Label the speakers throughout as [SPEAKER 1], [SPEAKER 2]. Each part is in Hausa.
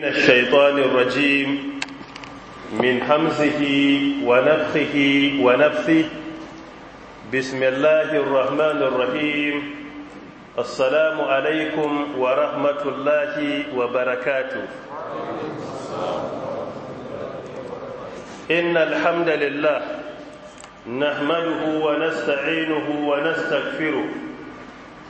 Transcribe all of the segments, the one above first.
[SPEAKER 1] من الشيطان
[SPEAKER 2] الرجيم من حمزه ونفخه ونفثه بسم الله الرحمن الرحيم السلام عليكم ورحمة الله وبركاته إن الحمد لله نحمده ونستعينه ونستغفره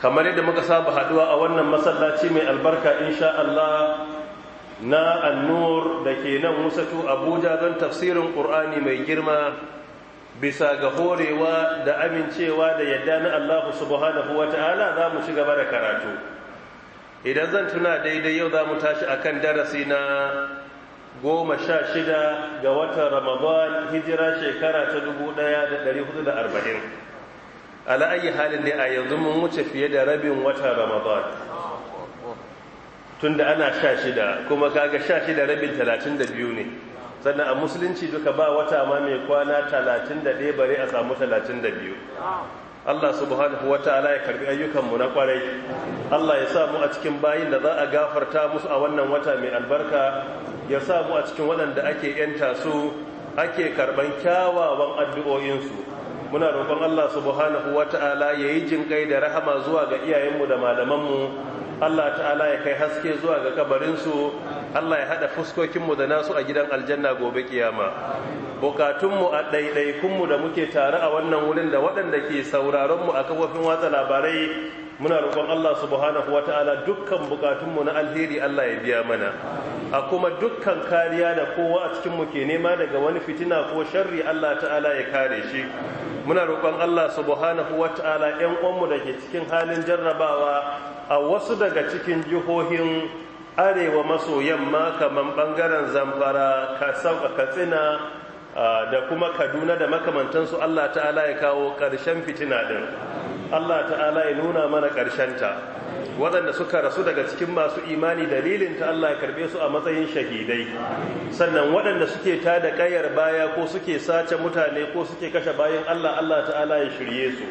[SPEAKER 2] kamar yadda muka saba haduwa a wannan masallaci mai albarka insha Allah na annur da ke nan musatu abuja don tafsirin ƙur'ani mai girma bisa ga horewa da amincewa da yadda na Allah subhanahu wa ta'ala za mu ci gaba da karatu idan zan tuna daidai yau za mu tashi kan darasi na goma sha shida ga watan ramadan hijira shekara ta dubu ɗaya da ɗari hudu da arba'in ala ayi halin ne a yanzu mun wuce fiye da rabin wata ramadan tunda ana sha shida kuma kaga sha shida rabin talatin da biyu ne sannan a musulunci duka ba wata ma mai kwana talatin da ɗaya bare a samu talatin da biyu Allah subhanahu wa ta'ala ya karbi ayyukanmu na kwarai Allah ya mu a cikin bayin da za a gafarta musu a wannan wata mai albarka ya mu a cikin waɗanda ake yanta su ake karɓan kyawawan addu'o'insu muna roƙon Allah subhanahu wata'ala yayi jinkai da rahama zuwa ga iyayenmu da malamanmu Allah ta'ala ya kai haske zuwa ga kabarinsu Allah ya hada fuskokinmu da nasu a gidan aljanna gobe kiyama bukatunmu a ɗaiɗaikunmu da muke tare a wannan wurin da waɗanda ke sauraronmu a kafofin watsa labarai muna roƙon Allah subhanahu wata'ala dukkan bukatunmu na alheri Allah ya biya mana a kuma dukkan kariya da kowa a cikin mu ke nema daga wani fitina ko sharri Allah ta'ala ya kare shi muna roƙon Allah subhanahu wata'ala ƴan uwanmu da ke cikin halin jarrabawa a wasu daga cikin jihohin arewa maso yamma kamar bangaren zamfara katsina da kuma kaduna da makamantansu allah ta'ala ya kawo ƙarshen fitina ɗin Allah ta'ala ya nuna mana ƙarshen ta. waɗanda suka rasu daga cikin masu imani dalilin ta Allah ya karbe su a matsayin shahidai sannan waɗanda suke tada da ƙayar baya ko suke sace mutane ko suke kashe bayan Allah Allah ta'ala ya shirye su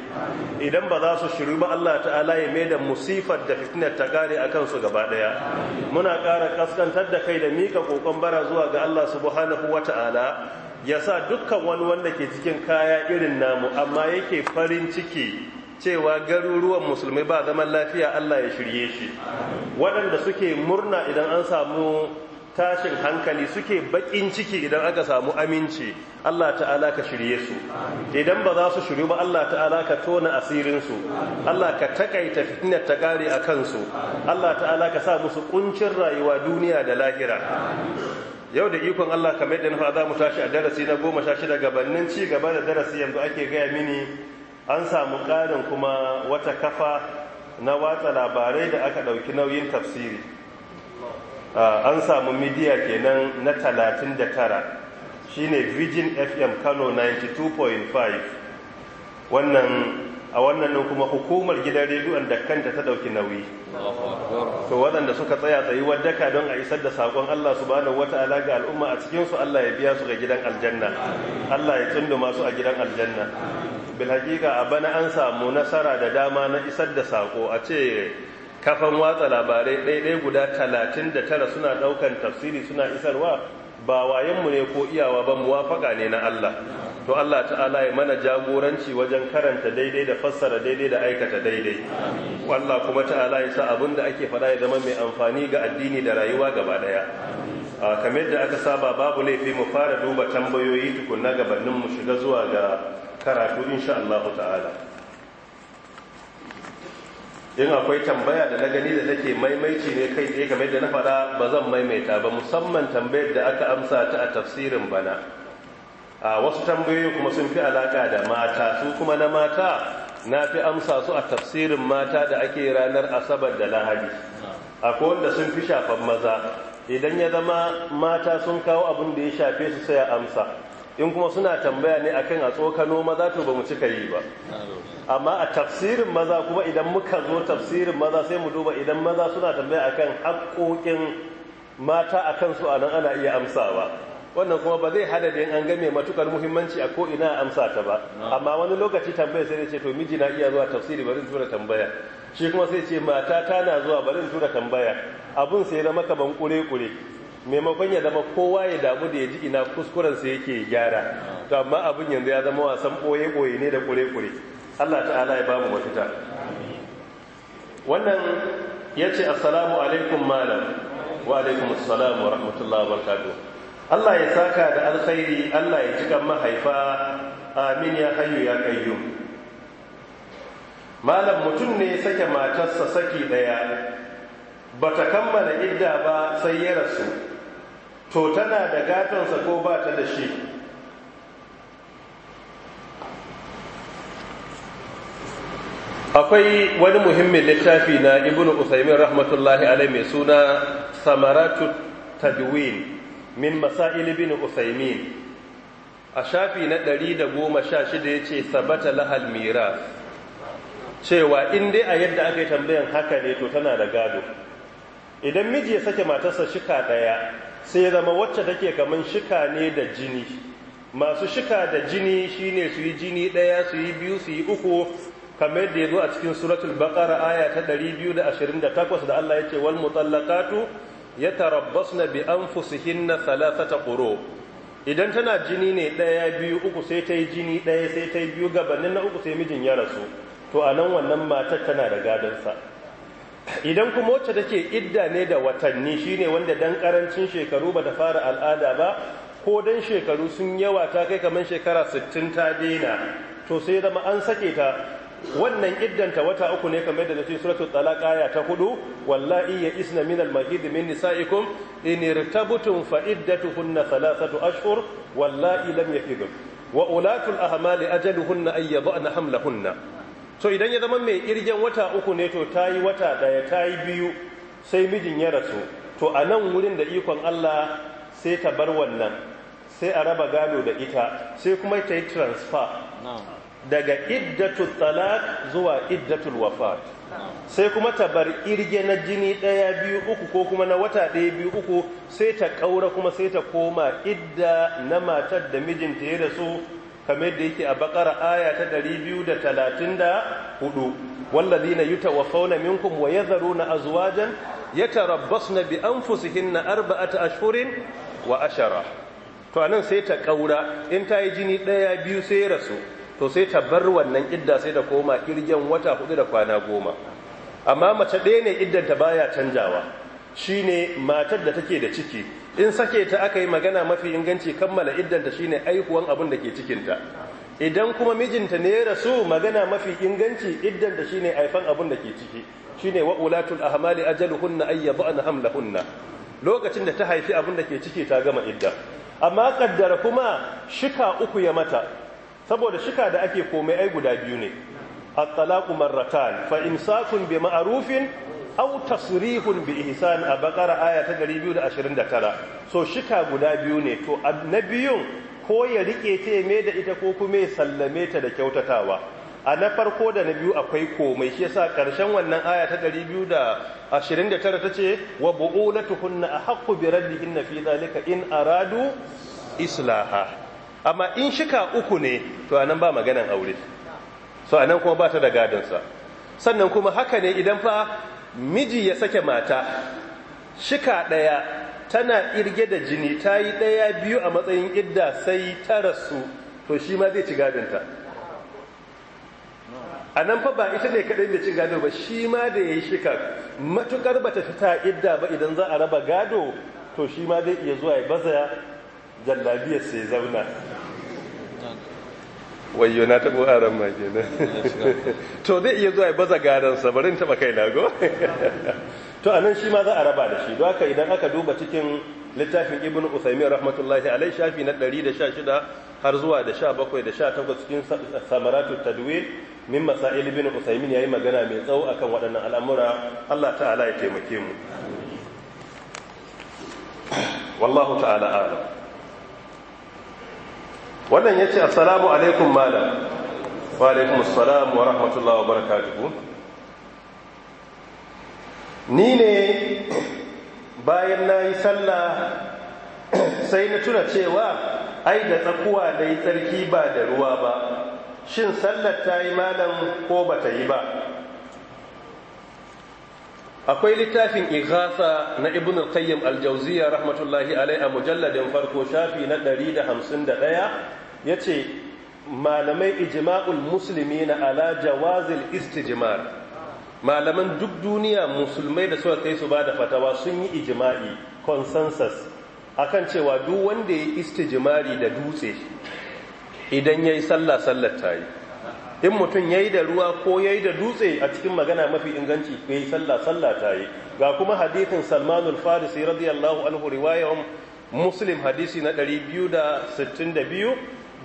[SPEAKER 2] idan ba za su shiru ba Allah ta'ala ya mai da musifar da fitinar ta kare a kansu gaba ɗaya muna ƙara ƙaskantar da kai da miƙa ƙoƙon bara zuwa ga Allah subhanahu wa ta'ala ya sa dukkan wani wanda ke cikin kaya irin namu amma yake farin ciki cewa garuruwan musulmai ba zaman lafiya Allah ya shirye shi waɗanda suke murna idan an samu tashin hankali suke bakin ciki idan aka samu aminci Allah ta'ala ka shirye su idan ba za su shiryu ba Allah ta'ala ka tona asirinsu Allah ka takaita fitnar ta kare a kansu Allah ta'ala ka sa musu kuncin rayuwa duniya da lahira yau da ikon Allah kamar yadda na faɗa za mu tashi a darasi na goma sha shida gabanin ci gaba da darasi yanzu ake gaya mini an samu ƙarin kuma wata kafa na watsa labarai da aka ɗauki nauyin tafsiri an samu midiya kenan na 39 shine virgin fm kano 92.5 wannan a wannan nan kuma hukumar gidan rediyon da kanta ta dauki nauyi to waɗanda suka tsaya tsayi wadaka don a isar da sakon Allah subhanahu wataala ga al'umma a cikin su Allah ya biya su ga gidan aljanna Allah ya tsunduma su a gidan aljanna bil hakika a bana an samu nasara da dama na isar da sako a ce kafan watsa labarai ɗaiɗai guda talatin da tara suna ɗaukan tafsiri suna isarwa ba wayenmu ne ko iyawa ba muwafaka ne na Allah to Allah ta'ala ya mana jagoranci wajen karanta daidai da fassara daidai da aikata daidai Allah kuma ta'ala ya sa abin da ake faɗa ya zama mai amfani ga addini da rayuwa gaba daya kamar da aka saba babu laifi mu fara duba tambayoyi tukunna gabanin mu shiga zuwa ga karatu insha Allah ta'ala in akwai tambaya da na gani da take maimaici ne kai tsaye kamar da na faɗa ba zan maimaita ba musamman tambayar da aka amsa ta a tafsirin bana a wasu tambayoyi kuma sun fi alaka da mata su kuma na mata na fi amsa su a tafsirin mata da ake ranar asabar da lahadi akwai wanda sun fi shafan maza idan ya zama mata sun kawo abin da ya shafe su sai amsa in kuma suna tambaya ne akan a tsokano maza to ba mu cika yi ba amma a tafsirin maza kuma idan muka zo tafsirin maza sai mu duba idan maza suna tambaya akan haƙoƙin mata a kansu anan ana iya amsawa wannan kuma ba zai hada da an game matukar muhimmanci a ko ina amsa ta ba amma wani lokaci tambaya sai ce to miji na iya zuwa tafsiri bari tura tambaya shi kuma sai ce mata ta na zuwa bari tura tambaya abun sai zama kaman kure kure maimakon ya zama kowa ya damu da ya ji ina kuskuren sa yake gyara to amma abun yanzu ya zama wasan boye boye ne da kure kure Allah ta'ala ya bamu mafita wannan yace assalamu alaikum malam wa alaikum assalam wa rahmatullahi wa barakatuh Allah ya saka da alkhairi Allah ya jikan mahaifa amin ya hayyu ya kayyu malam mutum ne sake matarsa saki daya bata kammala idda ba sai ya rasu to tana da gatonsa ko ba ta da shi akwai wani muhimmin littafi na ibnu usaimin rahmatullahi alai mai suna samaratu tadwin min masail ibn usaymin a shafi na 116 yace sabata lahal miras cewa in dai a yadda aka yi tambayan haka ne to tana da gado idan miji ya sake matarsa shika daya sai ya zama wacce take kaman shika ne da jini masu shika da jini shine su yi jini daya su yi biyu su yi uku kamar da ya zo a cikin suratul baqara aya ta 228 da Allah ya ce wal mutallaqatu ya tarabbas na bi na salafata quru idan tana jini ne ɗaya biyu uku sai ta yi jini ɗaya sai ta yi biyu gabanin na uku sai mijin ya rasu to a nan wannan matar tana da gadansa idan kuma wacce take idda ne da watanni shine wanda dan karancin shekaru bata fara al'ada ba ko dan shekaru sun yawa ta kai kamar shekara 60 ta daina to sai zama an sake ta wannan iddanta wata uku ne kamar da nace suratul talaq aya ta hudu wallahi ya isna min al mahid min nisaikum in irtabtum fa iddatuhunna thalathatu ashhur wallahi lam yahid wa ulatul ahmali ajaluhunna ay yadhna hamlahunna to idan ya zama mai irgen wata uku ne to tayi wata daya tayi biyu sai mijin ya rasu to a nan wurin da ikon Allah sai ta bar wannan sai a raba gado da ita sai kuma ta yi transfer daga iddatul talak zuwa iddatul wafat sai kuma ta bar irge na jini ɗaya biyu uku ko kuma na wata ɗaya biyu uku sai ta ƙaura kuma sai ta koma idda na matar da mijinta ya rasu kamar da yake a bakara aya ta biyu da talatin 234 wallazina yutawaffawna minkum wa na azwajan na bi anfusihinna arba'ata ashhurin wa ashara to anan sai ta ƙaura in ta yi jini ɗaya biyu sai rasu to sai ta bar wannan idda sai da koma kirgen wata hudu da kwana goma amma mace ɗaya ne iddanta baya canjawa shine matar da take da ciki in sake ta aka yi magana mafi inganci kammala iddanta shine aihuwan abin da ke cikinta idan kuma mijinta ne ya rasu magana mafi inganci iddanta shine aifan abin da ke ciki shine wa hunna, ahmali ajaluhunna hamla-hunna. lokacin da ta haifi abin da ke ciki ta gama idda amma kaddara kuma shika uku ya mata saboda shika da ake komai ai guda biyu ne at-talaqu marratan fa imsakun bi ma'rufin aw tasrihun bi ihsan a bakara aya ta 229 so shika guda biyu ne to annabiyun ko ya rike ta me da ita ko kuma ya sallame ta da kyautatawa a na farko da na biyu akwai komai shi yasa karshen wannan aya ta 229 tace wa bu'ulatuhunna ahqqu bi raddihinna fi zalika in aradu islaha amma in shika uku ne to anan ba maganan aure so anan kuma ba ta da gadonsa sannan kuma haka ne idan fa miji ya sake mata shika ɗaya tana irge da jini ta yi ɗaya biyu a matsayin idda sai ta rasu to shi ma zai ci gadonta a nan fa ba ita ne kaɗai da cin gado ba shi ma da ya yi shika matuƙar ba ta fita idda ba idan za a raba gado to shi ma zai iya zuwa ya bazaya jallabiyar sai zauna wayyona na taɓo aran ma kenan to zai iya zuwa baza sa barin taɓa kai na go to anan shi ma za a raba da shi don haka idan aka duba cikin littafin ibn usaimin rahmatullahi alai shafi na 116 har zuwa da 17 da 18 cikin samaratu tadwil min masail ibn ya yayi magana mai tsawo akan waɗannan al'amura Allah ta'ala ya taimake mu wallahu ta'ala a'lam wannan ya ce assalamu alaikum malam wa alaikum assalamu wa rahmatullahi wa barakatuhu ni ne bayan na yi sallah sai na tuna cewa ai da tsakuwa da yi tsarki ba da ruwa ba shin sallar ta yi malam ko ba ta yi ba akwai littafin ighasa na ibn al-qayyim al-jawziya rahmatullahi alaihi a mujalladin farko shafi na 151 yace malamai ijma'ul muslimina ala jawazil istijmar malaman duk duniya musulmai da suka kai su ba da fatawa sun yi ijma'i consensus akan cewa duk wanda ya istijmari da dutse idan yayi sallah sallar tayi in mutum ya da ruwa ko ya da dutse a cikin magana mafi inganci ko yi sallah sallah ta yi ga kuma hadithin salmanul farisi radiyallahu anhu riwayan muslim hadisi na 262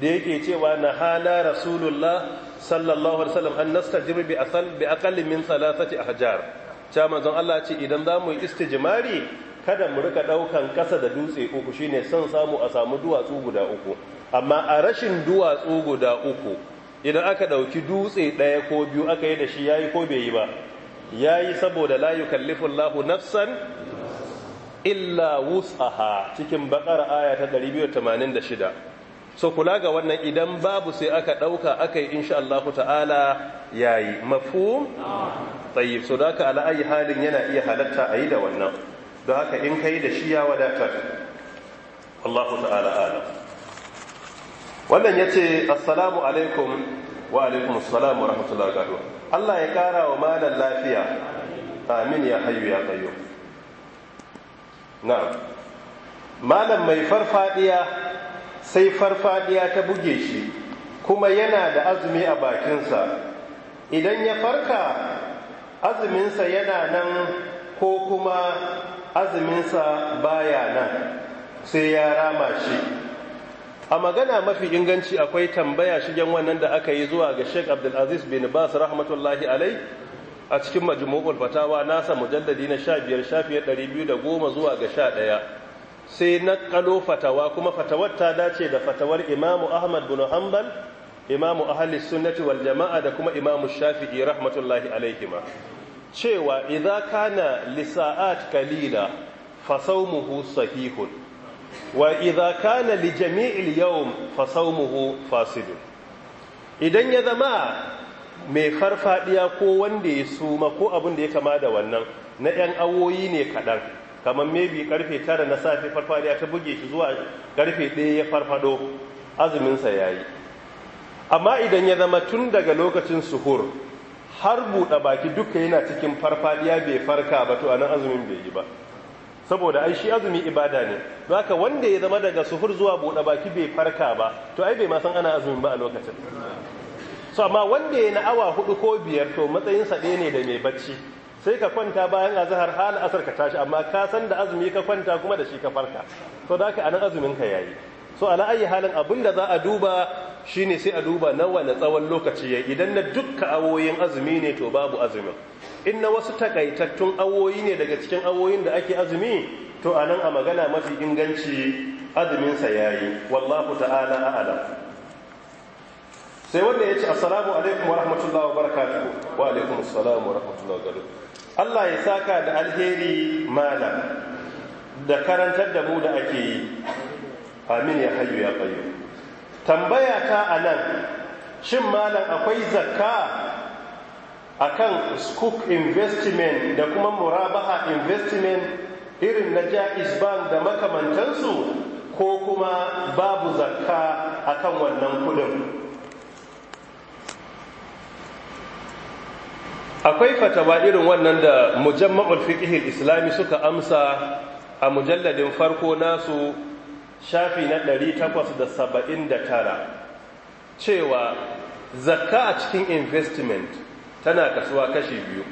[SPEAKER 2] da yake cewa na hana rasulullah sallallahu alaihi wasallam an nastajir bi asal bi aqall min a ahjar cha manzon Allah ce idan za mu yi istijmari kada mu rika daukan kasa da dutse uku shine son samu a samu duwatsu guda uku amma a rashin duwatsu guda uku idan aka ɗauki dutse ɗaya ko biyu aka yi da shi ya yi ko bai yi ba ya yi saboda layu kallifin Allahu nafsan illa wutsaha cikin bakar aya ta 286 so kula ga wannan idan babu sai aka ɗauka aka yi insha Allah ta'ala yi. Mafu? tsayi so da aka ala'ayi halin yana iya halatta a yi da wannan don haka in kai da shi ya wadatar Allahu ta'ala ala. wannan ya ce assalamu alaikum wa alaikum assalamu wa rahmatullahi wa Allah ya kara wa malar lafiya amin ya hayu ya kayo Na, malam mai farfadiya sai farfadiya ta buge shi kuma yana da azumi a bakinsa idan ya farka azuminsa yana nan ko kuma azuminsa baya nan sai ya rama shi a magana mafi inganci akwai tambaya shigen wannan da aka yi zuwa ga Sheikh Abdulaziz bin Bas rahmatullahi alai a cikin majimokul fatawa nasa mujalladi na 15 shafiyar goma zuwa ga 11 sai na kalo fatawa kuma fatawar ta dace da fatawar imamu Ahmad bin Hanbal imamu Ahli Sunnati wal Jama'a da kuma imamu Shafi'i rahmatullahi ma. cewa idza kana lisa'at kalila fa sawmuhu sahihun wa idza kana li jami'il yawm fa sawmuhu fasid idan ya zama mai farfadiya ko wanda ya suma ko abin da ya kama da wannan na yan awoyi ne kadan kamar maybe karfe 9 na safe farfadiya ta buge shi zuwa karfe 1 ya farfado azumin sa yayi amma idan ya zama tun daga lokacin suhur har buɗe baki duka yana cikin farfadiya bai farka ba to anan azumin bai yi ba saboda ai shi azumi ibada ne don haka wanda ya zama daga sufur zuwa buɗe baki bai farka ba to ai bai ma san ana azumin ba a lokacin so amma wanda ya na awa hudu ko biyar to matsayinsa ɗaya ne da mai bacci sai ka kwanta bayan azahar hal asar ka tashi amma ka san da azumi ka kwanta kuma da shi ka farka so da haka anan azumin ka yayi so ala ayi halin abin da za a duba Shi ne sai a duba nawa na tsawon lokaci yayi idan na dukka awoyin azumi ne to babu azumin in na wasu takaitattun awoyi ne daga cikin awoyin da ake azumi to a nan a magana mafi inganci azuminsa ya yi. wallahu ta'ala a'lam sai wanda ya ce assalamu alaikum wa rahmatullahi wa barakatuh wa alaikum assalamu wa rahmatullahi wa Allah ya saka da alheri malam da karantar da mu da ake yi amin ya hayyu ya qayyum tambaya ta a nan shin malam akwai zakka a kan scoop investment da kuma murabaha investment irin na jais bank da makamantansu ko kuma babu zakka a kan wannan kudin akwai fatawa irin wannan da mujamma'ul fiqhil islami suka amsa a mujalladin farko nasu shafi na ɗari takwas da da saba'in tara. cewa zakka a cikin investment tana kasuwa kashi biyu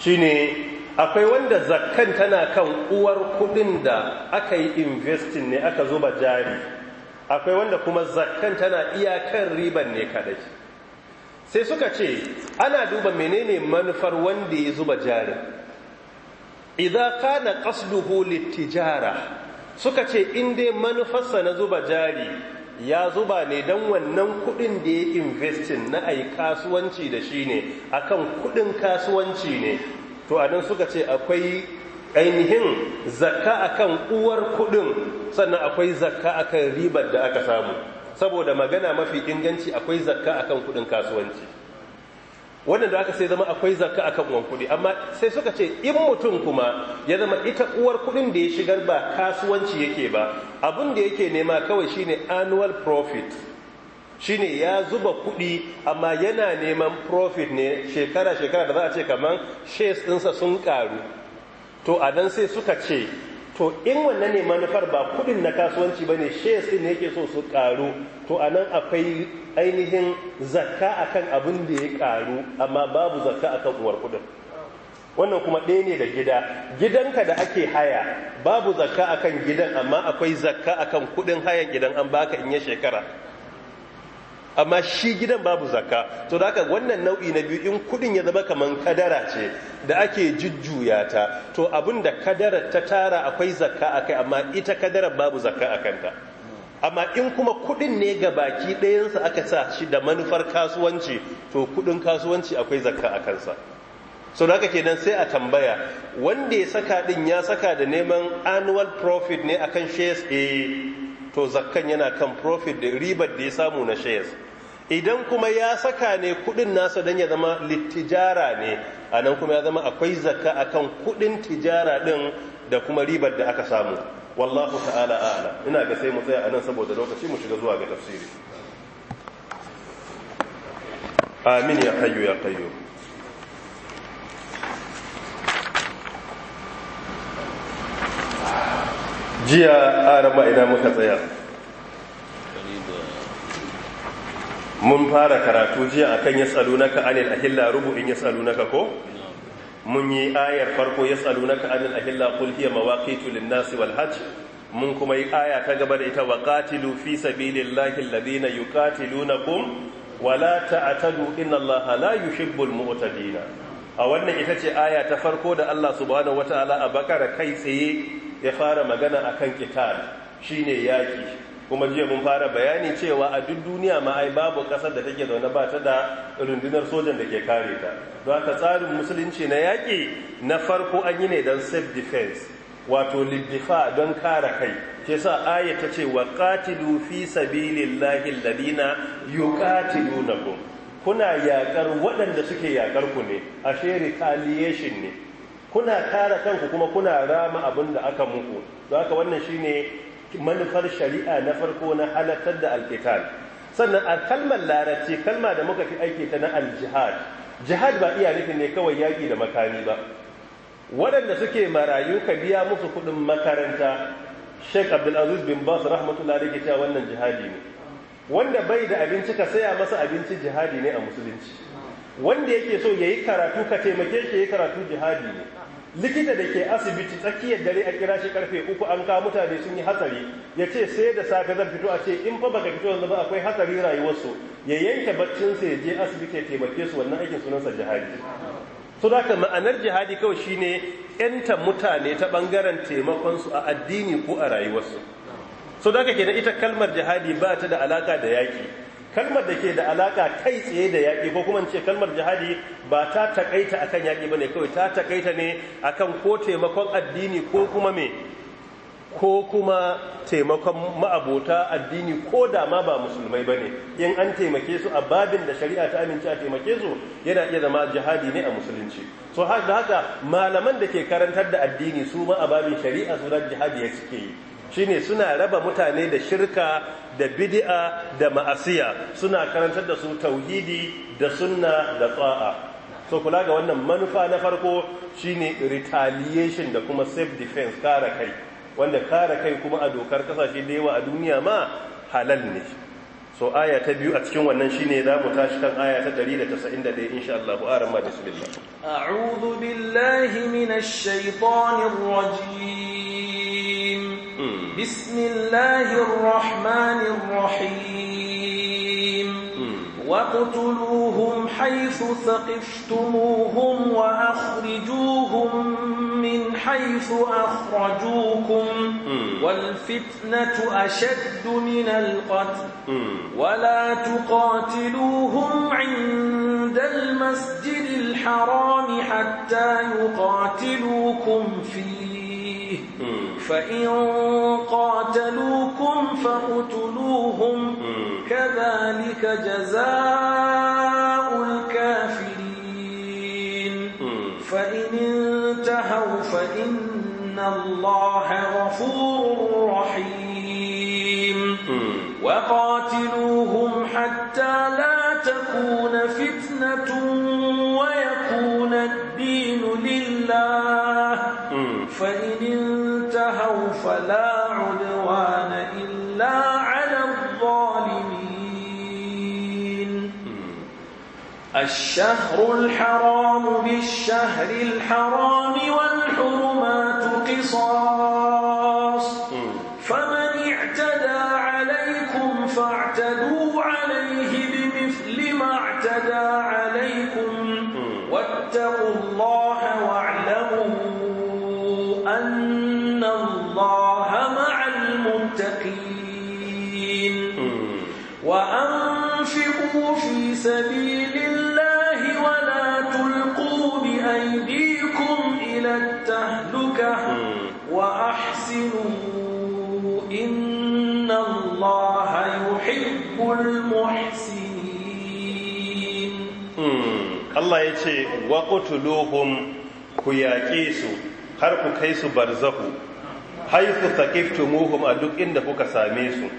[SPEAKER 2] shine akwai wanda zakkan tana kan uwar kudin da aka yi investing ne aka zuba jari akwai wanda kuma zakkan tana iyakar riban ne kadai sai suka ce ana duba menene manufar wanda ya zuba jari idan kana qasduhu litijara suka ce in dai manufarsa na zuba jari ya zuba ne don wannan kudin da ya investin na a yi kasuwanci da shi ne akan kudin kasuwanci ne to anan suka ce akwai ainihin zakka akan uwar kudin sannan akwai zakka akan ribar da aka samu saboda magana mafi inganci akwai zakka akan kudin kasuwanci wannan da aka sai zama akwai zakka akan uwan kuɗi amma sai suka ce in mutum kuma ya zama ita uwar kuɗin da ya shigar ba kasuwanci yake ba abin da yake nema kawai shine annual profit shine ya zuba kuɗi amma yana neman profit ne shekara shekara da za a ce kamar shares ɗinsa sun ƙaru to a nan sai suka ce to in wannan ne manufar ba kudin na kasuwanci ba ne shares ne yake so su karu to a nan akwai ainihin zakka akan abin da ya karu amma babu zakka akan uwar kudin wannan kuma ɗaya ne da gida gidanka da ake haya babu zakka akan gidan amma akwai zakka akan kudin hayan gidan an baka in ya shekara amma shi gidan babu zakka to da haka wannan nau'i na biyu in kudin ya zama kamar kadara ce da ake jujjuya ta to abin da ta tara akwai zakka akai amma ita kadara babu zakka kanta. amma in kuma kudin ne ga baki ɗayansa aka sa shi da manufar kasuwanci to kudin kasuwanci akwai zakka a kansa so da haka kenan sai a tambaya wanda ya saka din ya saka da neman annual profit ne akan shares a eh. to zakkan yana kan profit da ribar da ya samu na shares idan kuma ya saka ne kudin nasa don ya zama littijara ne a nan kuma ya zama akwai zakka akan kudin tijara din da kuma ribar da aka samu wallahu ta'ala a'ala ina ga sai mu tsaya a nan saboda lokaci mu shiga zuwa ga tafsiri amin ya hayyu ya qayyum jiya a rama ina muka tsaya mun fara karatu jiya akan ya tsalunaka anil ahilla in ya tsalunaka ko mun yi ayar farko ya tsalunaka anil ahilla qul hiya mawaqitu lin mun kuma yi aya ta gaba da ita waqatilu fi sabilillahi alladhina kun? wala ta'tadu innallaha la yuhibbul dina. a wannan ita ce aya ta farko da Allah subhanahu wataala a bakara kai tsaye ya fara magana a kan akan shi ne yaƙi, kuma jiya mun fara bayani cewa a duk duniya ma ai babu kasar da take zaune ba ta da rundunar sojan da ke kare ta don haka tsarin musulunci na yaƙi, na farko an yi ne don self defense wato liddifa don kare kai ke sa aya ta ce wa qatilu fi sabilillahi alladina yuqatilunakum kuna yaƙar waɗanda suke yaƙar ku ne ashe retaliation ne kuna kare kanku kuma kuna rama abin da aka muku za ka wannan shi ne manufar shari'a na farko na halartar da alkitar sannan a kalmar larabci kalma da muka fi aiki ta na aljihad jihad ba iya nufin ne kawai yaƙi da makami ba waɗanda suke marayu ka biya musu kuɗin makaranta Sheikh abdulaziz bin bas rahmatullah da ke wannan jihadi ne wanda bai da abinci ka saya masa abinci jihadi ne a musulunci wanda yake so ya yi karatu ka taimake shi ya karatu jihadi ne likita da ke asibiti tsakiyar dare a kira shi karfe uku an ka mutane sun yi hatsari ya ce sai da safe zan fito a ce in fa baka fito yanzu ba akwai hatsari rayuwarsu ya yanke baccinsa ya je asibiti ya taimake su wannan aikin sunansa jihadi so da ka ma'anar jihadi kawai shine yanta mutane ta bangaren taimakon su a addini ko a rayuwarsu so da ke kenan ita kalmar jihadi ba ta da alaka da yaki kalmar da ke da alaka kai tsaye da yaƙi ko kuma ce kalmar jihadi ba ta takaita akan yaƙi bane kawai ta takaita ne akan ko taimakon addini ko kuma me ko kuma taimakon ma'abota addini ko da ma ba musulmai bane in an taimake su a babin da shari'a ta amince a taimake su yana iya zama jihadi ne a musulunci so da haka malaman da ke karantar da addini su ma a babin shari'a su da jihadi ya suke yi shine suna raba mutane da shirka da bid'a da ma'asiya suna karantar da su tauhidi da sunna da tsa'a so kula ga wannan manufa na farko shine retaliation da kuma self defense kare kai wanda kare kai kuma a dokar kasashe da yawa a duniya ma halal ne so aya ta biyu a cikin wannan shine za mu tashi kan aya ta 191 insha Allah ku arama bismillah
[SPEAKER 3] a'udhu billahi minash shaitanir rajim بسم الله الرحمن الرحيم واقتلوهم حيث ثقفتموهم وأخرجوهم من حيث أخرجوكم والفتنة أشد من القتل ولا تقاتلوهم عند المسجد الحرام حتى يقاتلوكم فيه فإن قاتلوكم فاقتلوهم كذلك جزاء الكافرين فإن انتهوا فإن الله غفور رحيم وقاتلوهم حتى لا تكون فتنة ويكون الدين لله فإن ولا عدوان إلا على الظالمين الشهر الحرام بالشهر الحرام والحرمات قصاص فمن اعتدى عليكم فاعتدوا عليه بمثل ما اعتدى عليكم واتقوا الله واعلموا أن
[SPEAKER 2] Allah ya ce wa ku yaƙe su har ku kai su barzahu haythu taqiftumuhum a duk inda kuka same su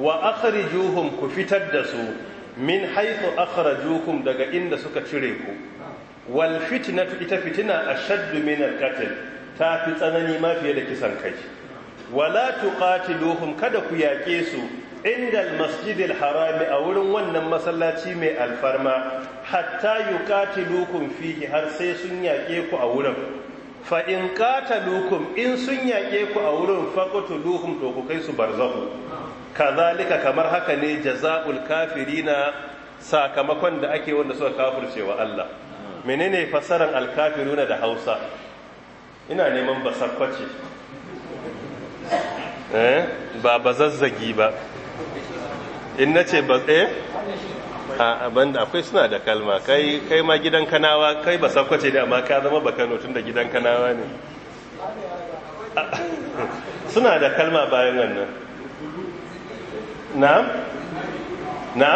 [SPEAKER 2] wa akhrijuhum ku fitar da su min haythu akhrajukum daga inda suka cire ku wal fitnatu ita fitina a min al-qatl ta fi tsanani ma fiye da kisan kai wala tuqatiluhum kada ku yaƙe su inda almasjidil harami a wurin wannan masallaci mai alfarma hatta yuqatilukum fihi har sai sun yaƙe ku a wurin fa in qatalukum in sun yaƙe ku a wurin faqtuluhum to ku kai su barzahu kazalika kamar haka ne jazaul kafirina sakamakon da ake wanda suka wa Allah menene fasaran alkafiruna da Hausa ina neman basakwace Eh? ba ba zazzagi ba in na ce ba eh a banda akwai suna da kalma kai kai ma gidan kanawa kai ba sakwace da amma ka zama ba kano tun da gidan kanawa ne suna da kalma bayan wannan Na na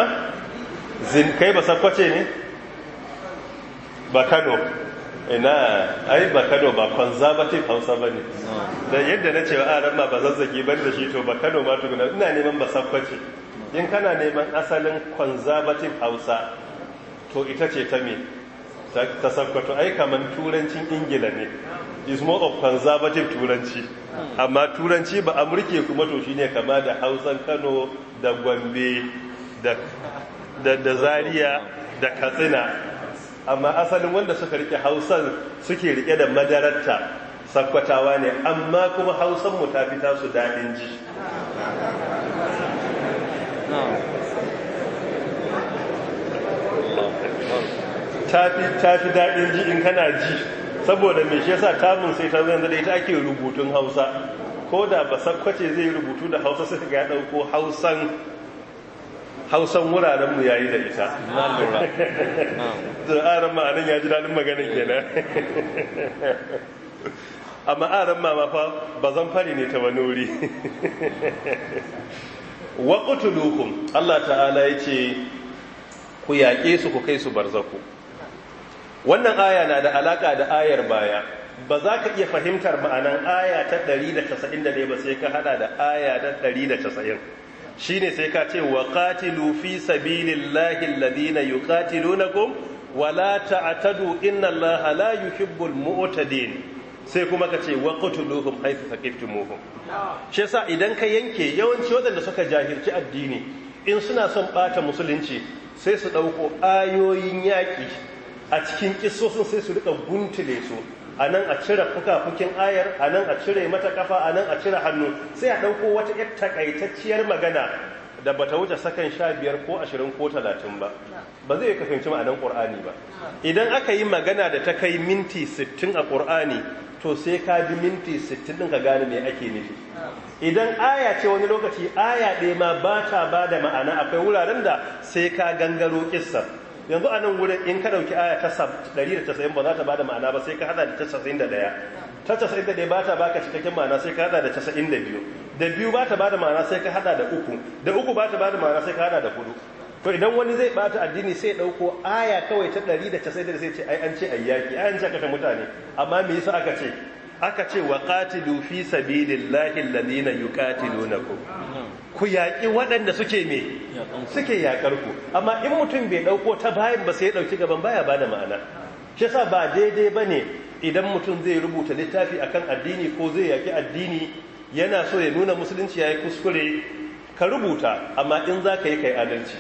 [SPEAKER 2] zin kai ba sakwace ne ba kano ina ai ba kano ba conservative hausa ba ne da yadda na cewa a ah, ramma ba zazzagi ban da shi to ba kano ma tukuna ina neman ba sabbace in kana neman asalin conservative hausa to ita ce ta me ta sabbato ai kamar turancin ingila ne is more of conservative turanci amma turanci ba amurke kuma to shine kama da hausan kano da gombe da da zaria da katsina amma asalin wanda suka rike hausan suke rike da madararta sakwatawa ne amma kuma hausan mu ta fi tasu daɗin ji ta fi daɗin ji in kana ji saboda mai shi yasa tamun sai ta zai zai ita ake rubutun hausa ko da ba sakwace zai rubutu da hausa suka ga ɗauko hausan hausan wurarenmu ya yi da ita na lura da ya ji daɗin maganin gina amma aran ma ma fa zan fari ne ta wani wuri wa qutuluhum Allah ta'ala ya ce ku yaƙe su ku kai su barzaku wannan aya na da alaƙa da ayar baya ba za ka iya fahimtar ma'anar aya ta 190 ba sai ka hada da aya ta 190 Shi ne sai ka ce wa qatilu fi sabilillahi alladhina yuqatilunakum wa la ta'tadu inna allaha la yuhibbul mu'tadin sai kuma ka ce wa qatuluhum haythu saqiftumuhum shi yasa idan ka yanke yawanci wadanda suka jahilci addini in suna son ɓata musulunci sai su ɗauko ayoyin yaƙi a cikin kissosin sai su rika guntule su a nan a cire fukafukin ayar a nan a cire mata kafa a nan a cire hannu sai a ɗauko wata yar takaitacciyar magana da ba ta wuce sakan sha biyar ko ashirin ko talatin ba ba zai ka fahimci nan ƙur'ani ba idan aka yi magana da ta kai minti sittin a ƙur'ani to sai ka bi minti sittin ɗin ka gane me ake nufi idan aya ce wani lokaci aya ɗaya ma ba ta ba da ma'ana akwai wuraren da sai ka gangaro kissar yanzu a nan wurin in ka ɗauki aya ta 190 ba za ta ba da ma'ana ba sai ka hada da ta 91 ta 91 ba ta baka cikakken ma'ana sai ka hada da 92 da biyu ba ta ba da ma'ana sai ka hada da uku da uku ba ta ba da ma'ana sai ka hada da hudu to idan wani zai bata addini sai ya ɗauko aya kawai ta 190 sai ce ai an ce ayyaki ai an ce aka ta mutane amma me yasa aka ce aka ce wa katilu fi sabilillahi alladhina yuqatilunakum ku yaƙi waɗanda suke me suke yaƙar ku amma in mutum bai ɗauko ta bayan ba sai ya ɗauki gaban baya ba da ma'ana shi yasa ba daidai ba ne idan mutum zai rubuta littafi akan addini ko zai yaki addini yana so ya nuna musulunci ya yi kuskure ka rubuta amma in za yi kai adalci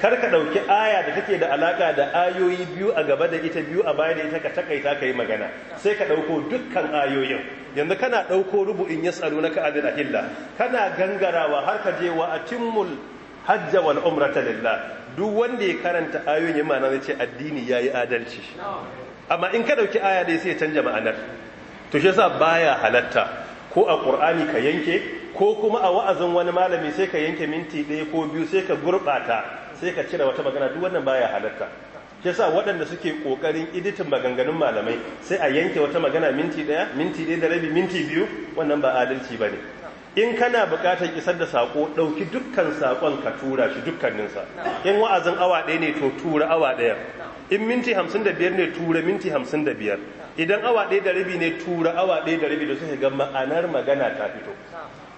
[SPEAKER 2] kar ka ɗauki aya da take da alaka da ayoyi biyu a gaba da ita biyu a baya da ita ka takaita ka yi magana sai ka ɗauko dukkan ayoyin yanzu kana ɗauko rubu'in ya tsaro na ka ka'adin ahilla kana gangarawa har ka je wa atimul hajja wal umrata lillah duk wanda ya karanta ayoyin ya ma'ana zai ce addini yayi adalci amma in ka ɗauki aya dai sai ya canja ma'anar to shi yasa baya halatta ko a ƙur'ani ka yanke ko kuma a wa'azin wani malami sai ka yanke minti ɗaya ko biyu sai ka gurɓata sai ka cire wata magana duk wannan baya halarta. shi sa waɗanda suke ƙoƙarin iditin maganganun malamai sai a yanke wata magana minti ɗaya minti ɗaya da rabi minti biyu wannan ba adalci ba ne in kana buƙatar isar da saƙo ɗauki dukkan saƙon ka tura shi dukkaninsa in wa'azin awa ɗaya ne to tura awa ɗaya in minti hamsin da biyar ne tura minti hamsin da biyar idan awa ɗaya da rabi ne tura awa ɗaya da rabi da suke ga ma'anar magana ta fito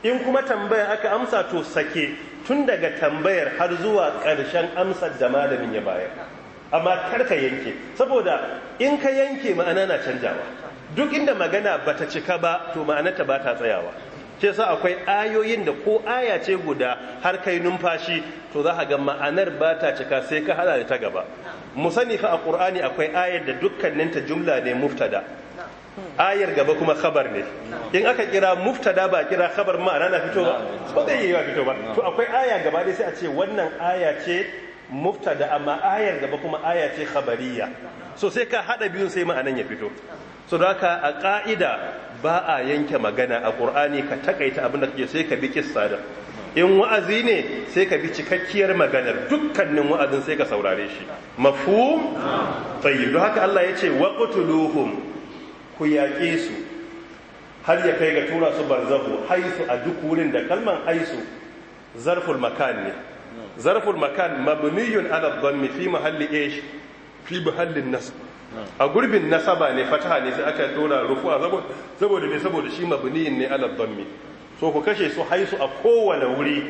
[SPEAKER 2] in kuma tambayar aka amsa to sake tun daga tambayar har zuwa ƙarshen amsar da malamin ya bayar amma karka yanke saboda in ka yanke ma'ana na canjawa duk inda magana bata cika ba to ma'anarta ba ta tsayawa ce sa akwai ayoyin da ko aya ce guda har kai numfashi to za ga ma'anar ba ta cika sai ka hada da ta gaba mu sani fa a qur'ani akwai ayar da dukkaninta jumla ne muftada ayar gaba kuma khabar ne in aka kira muftada ba kira khabar ma na fito ba ko zai yi fito ba to akwai aya gaba dai sai a ce wannan aya ce muftada amma ayar gaba kuma aya ce khabariya so sai ka hada biyun sai ma'anan ya fito so da haka a ka'ida ba a yanke magana a qur'ani ka takaita abin da kake sai ka bi kissa da in wa'azi ne sai ka bi cikakkiyar maganar dukkanin wa'azin sai ka saurare shi mafhum tayyib haka Allah ya ce waqtuluhum ku yaƙe su har ya kai ga tura su barzahu haisu a duk wurin da kalman haisu zarful makan ne zarful makan mabniyun ala dhammi fi mahalli ish fi mahallin nasb a gurbin nasaba ne fataha ne sai aka tura rufu saboda ne saboda shi mabniyin ne ala dhammi so ku kashe su haisu a kowane wuri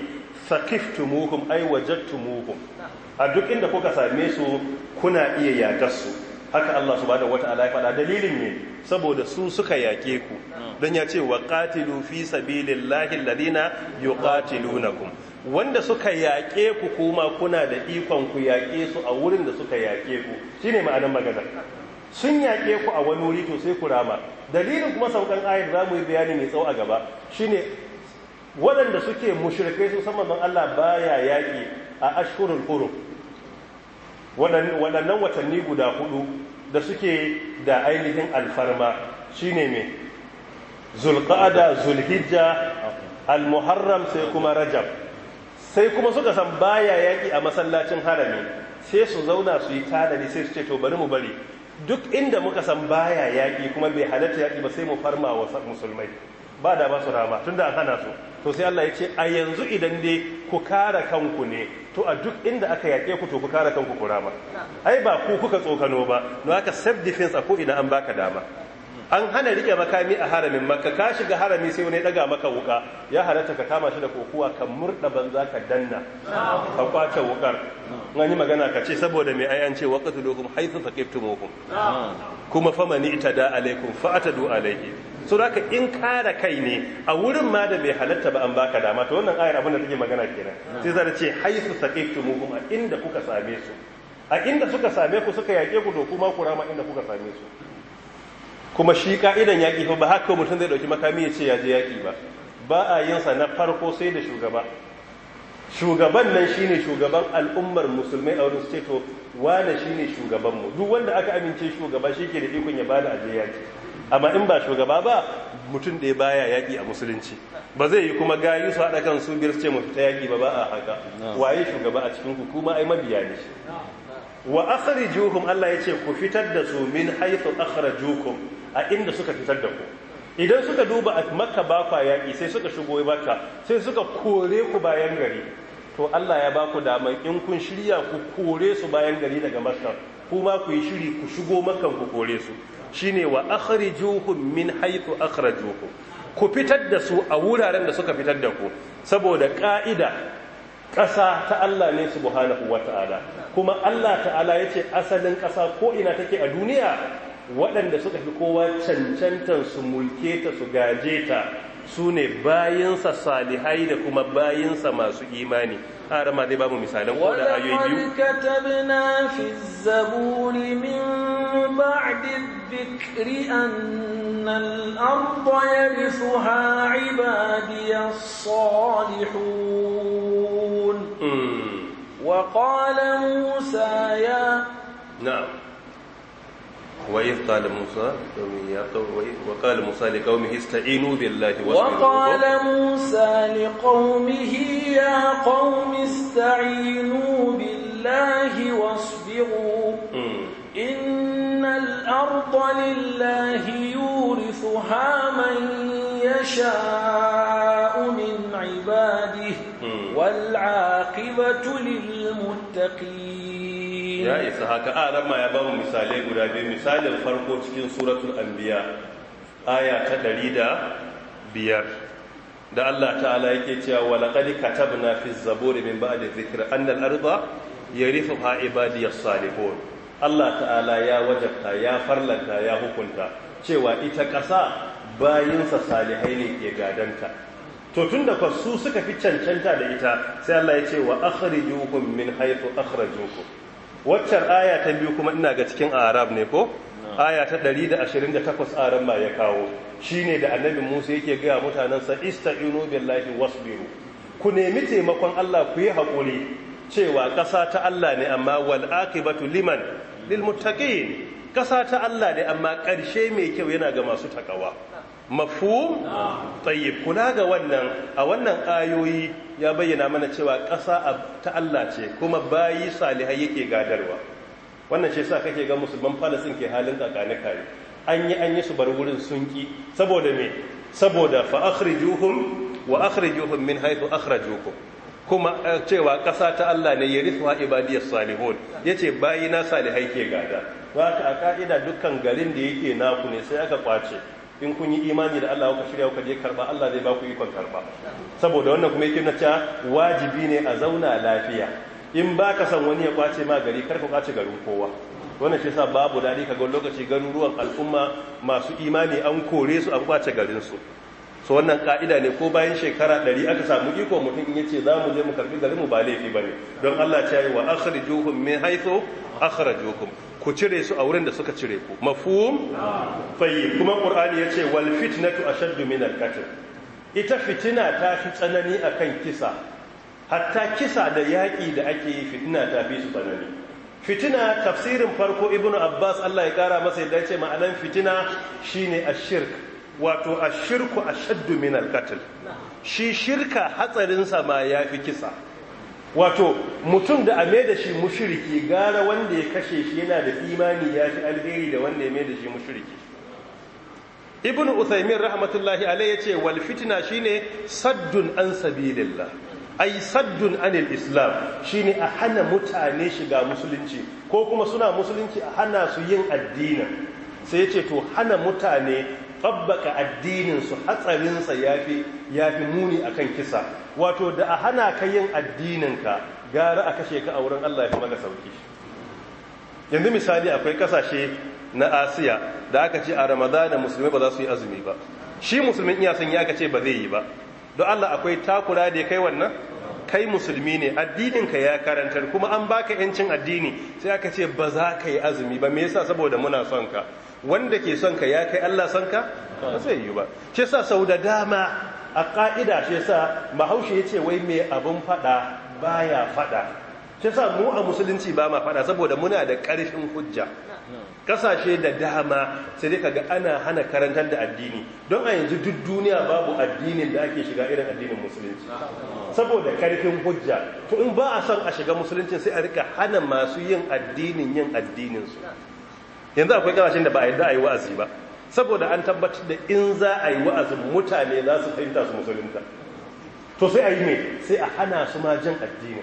[SPEAKER 2] ai ay wajadtumuhum a duk inda kuka same su kuna iya yaƙar su haka Allah bada wata alaifa faɗa dalilin ne saboda su suka yaƙe ku don ya ce wa ƙatilu fi sabilillahi alladhina yuqatilunakum wanda suka yaƙe ku kuma kuna da ikon ku yaƙe su a wurin da suka yaƙe ku shine ma'anar magana sun yaƙe ku a wani wuri to sai ku rama dalilin kuma saukan ayar za mu yi bayani mai tsawo a gaba Shi ne waɗanda suke mushirkai su san don Allah baya yaƙi a ashirin kurum. waɗannan watanni guda hudu da suke da ainihin alfarma shi ne mai zulqa'ada zulhijja almuharram sai kuma rajab sai kuma suka san baya yaƙi a masallacin harami sai su zauna su yi tadari sai su ce to bari mu bari duk inda muka san baya yaƙi kuma bai halatta yaƙi ba sai mu farma wa musulmai ba da ba su rama tun da hana su to sai Allah ya ce a yanzu idan dai ku kare kanku ne to a duk inda aka yaƙe ku to ku kara kanku ku rama ai ba ku kuka tsokano ba no haka self defense a ko idan an baka dama an hana rike makami a haramin makka ka shiga harami sai wani daga maka wuka ya halatta ka kama shi da kokuwa ka murda banza ka danna ka kwace wukar an yi magana ka ce saboda mai ayan ce waqatuluhum haythu taqibtumuhum kuma famani itada alaikum fa atadu alaihi so da in kara kai ne a wurin ma da bai halatta ba an baka dama to wannan ayar abin da take magana kenan sai za ta ce haythu taqibtumuhum a inda kuka same su a inda suka same ku suka yake ku to kuma ku rama inda kuka same su kuma shi ka'idan yaƙi fa ba haka mutum zai ɗauki makami ya ce ya je yaƙi ba ba a yin sa na farko sai da shugaba shugaban nan shi ne shugaban al'ummar musulmai a wurin su ce to wane shi shugaban mu duk wanda aka amince shugaba shi ke da ikon ya bada aje yaƙi amma in ba shugaba ba mutum ɗaya baya yaƙi a musulunci ba zai yi kuma gayu su haɗa kan su biyar su ce mu fita yaƙi ba ba a haka waye shugaba a cikin ku kuma ai mabiya ne wa akhrijuhum Allah yace ku fitar da su min haythu akhrajukum a inda suka fitar da ku idan suka duba a makka ba kwa yaƙi sai suka shigo maka, sai suka kore ku bayan gari to Allah ya ba ku damar in kun shirya ku kore su bayan gari daga makka kuma ku yi shiri ku shigo makan ku kore su shine wa juhun min haythu juhun ku fitar da su a wuraren da suka fitar da ku saboda ƙa'ida, ƙasa ta Allah ne subhanahu wata'ala kuma Allah ta'ala ya ce asalin ƙasa ko ina take a duniya waɗanda suka fi kowa cancantar su mulke ta su gaje ta su ne bayansa salihai da kuma bayansa masu imani a rama zai babu misalan ko da ayoyi biyu wadda
[SPEAKER 3] katabna fi zaburi min ba'di dhikri anna al yarithuha ibadiy salihun
[SPEAKER 2] hmm.
[SPEAKER 3] wa qala musa ya
[SPEAKER 2] na'am وإذ قال موسى وقال موسى لقومه استعينوا بالله واصبروا وقال
[SPEAKER 3] موسى لقومه يا قوم استعينوا بالله واصبروا إن الأرض لله يورثها من يشاء wal'aƙibatu lilmuttaƙi
[SPEAKER 2] ya isa haka a rama ya ba mu misalai guda biyu misalin farko cikin suratul anbiya aya ta ɗari da biyar da Allah ta'ala yake cewa walaƙari ka tabi na fi zaburi min ba da zikirar annal arba ya rifa ha ibadiyar salihun Allah ta'ala ya wajabta ya farlanta ya hukunta cewa ita ƙasa bayansa salihai ne ke gadonta. to tun da su suka fi cancanta da ita sai Allah ya ce wa akhrijukum min haythu akhrajukum waccan aya ta biyu kuma ina ga cikin arab ne ko aya ta 128 aran ma ya kawo shine da annabi Musa yake ga mutanen sa ista'inu billahi wasbiru ku nemi taimakon Allah ku yi hakuri cewa ƙasa ta Allah ne amma wal akibatu liman lil muttaqin ƙasa ta Allah ne amma ƙarshe mai kyau yana ga masu takawa mafu tsayyib kula ga wannan a wannan ayoyi ya bayyana mana cewa ƙasa ta Allah ce kuma bayi salihai yake gadarwa wannan shi sa kake ga musulman falasin ke halin kakani kare an yi an yi su bar wurin sunki saboda me saboda fa akhrijuhum wa akhrijuhum min haythu akhrajukum kuma eh, cewa ƙasa ta Allah ne ya risuwa ibadiyar salihun yace bayi bayina salihai ke gada ba ka a ƙa'ida dukkan garin da yake naku ne sai aka kwace in kun yi imani da Allah kuka shirya kuka je karba Allah zai ba ku ikon karba saboda wannan kuma yake na cewa wajibi ne a zauna lafiya in ba ka san wani ya kwace ma gari kar ka kwace garin kowa wannan shi yasa babu dadi kaga lokaci garuruwan al'umma masu imani an kore su a kwace garin su so wannan ka'ida ne ko bayan shekara ɗari aka samu iko mutum in yace za mu je mu karbi garinmu ba laifi ba ne don Allah ta yi wa akhrijuhum min haythu akhrajukum ku cire su a wurin da suka cire ku mafhum fayyi kuma qur'ani yace wal fitnatu ashaddu min al qatl ita fitina ta fi tsanani akan kisa hatta kisa da yaƙi da ake yi fitina ta fi su tsanani fitina tafsirin farko ibnu abbas Allah ya kara masa yadda ya ce ma'anan fitina shine ashirk wato a shirku a shaddu min alkatil shi shirka hatsarinsa ma ya fi kisa wato mutum da a da shi mushiriki gara wanda ya kashe shi yana da imani ya fi alheri da wanda ya da shi mushiriki ibn uthaymin rahmatullahi alai ya ce wal fitina shine saddun an sabilillah ai saddun anil islam shine a hana mutane shiga musulunci ko kuma suna musulunci a hana su yin addinin sai ya ce to hana mutane tabbaka addininsu hatsarinsa ya fi muni a kan kisa wato da a hana ka yin addininka gara a kashe ka a wurin Allah ya fi maka sauki yanzu misali akwai kasashe na asiya da aka ce a ramadana musulmi ba za su yi azumi ba shi musulmin iya san ya ce ba zai yi ba don Allah akwai takura da ya kai wannan kai musulmi ne addininka ya karantar kuma an baka yancin addini sai aka ce ba za ka yi azumi ba me yasa saboda muna son ka wanda ke son ka ya kai Allah son ka ba zai yi ba shi sa sau da dama a ka'ida shi sa mahaushe ya ce wai mai abin fada baya fada shi sa mu a musulunci ba ma fada saboda muna da ƙarfin hujja ƙasashe da dama sai dai kaga ana hana karantar da addini don a yanzu duk duniya babu addinin da ake shiga irin addinin musulunci saboda ƙarfin hujja to in ba a son a shiga musulunci sai a rika hana masu yin addinin yin addininsu yanzu akwai kamashin da ba a yadda a yi wa'azi ba saboda an tabbatar da in za a yi wa'azin mutane za su fahimta su musulunta to sai a yi mai sai a hana su ma jin addini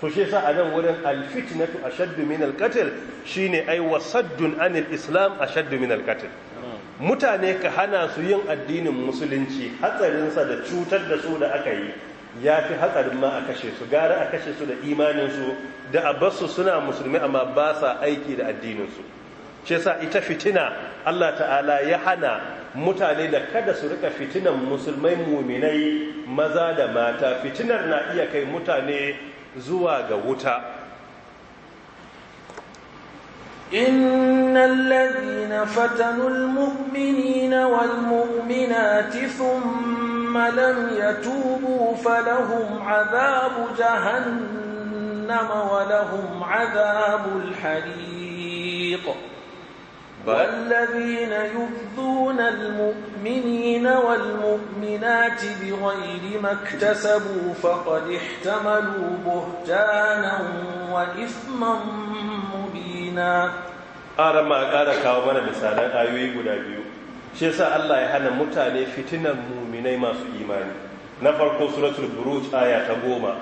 [SPEAKER 2] to shi yasa a nan wurin alfitnatu ashaddu min alqatl shine ai wasaddun anil islam ashaddu min alqatl mutane ka hana su yin addinin musulunci hatsarinsa da cutar da su da aka yi ya fi hatsarin ma a kashe su gara a kashe su da imaninsu da a suna musulmi amma ba sa aiki da addininsu ce ita fitina Allah ta'ala ya hana mutane da kada su rika fitinan musulmai muminai maza da mata fitinar na iya kai mutane zuwa ga wuta
[SPEAKER 3] inna allazina fatanul mu'minina wal mu'minati thumma lam yatubu falahum adhabu jahannam wa lahum adhabul hariq والذين يؤذون المؤمنين والمؤمنات بغير ما اكتسبوا فقد احتملوا بهتانا وإثما
[SPEAKER 2] مبينا ƙara ma ƙara kawo mana da misalan ayoyi guda biyu shi yasa Allah ya hana mutane fitinan muminai masu imani na farko suratul buruj aya ta goma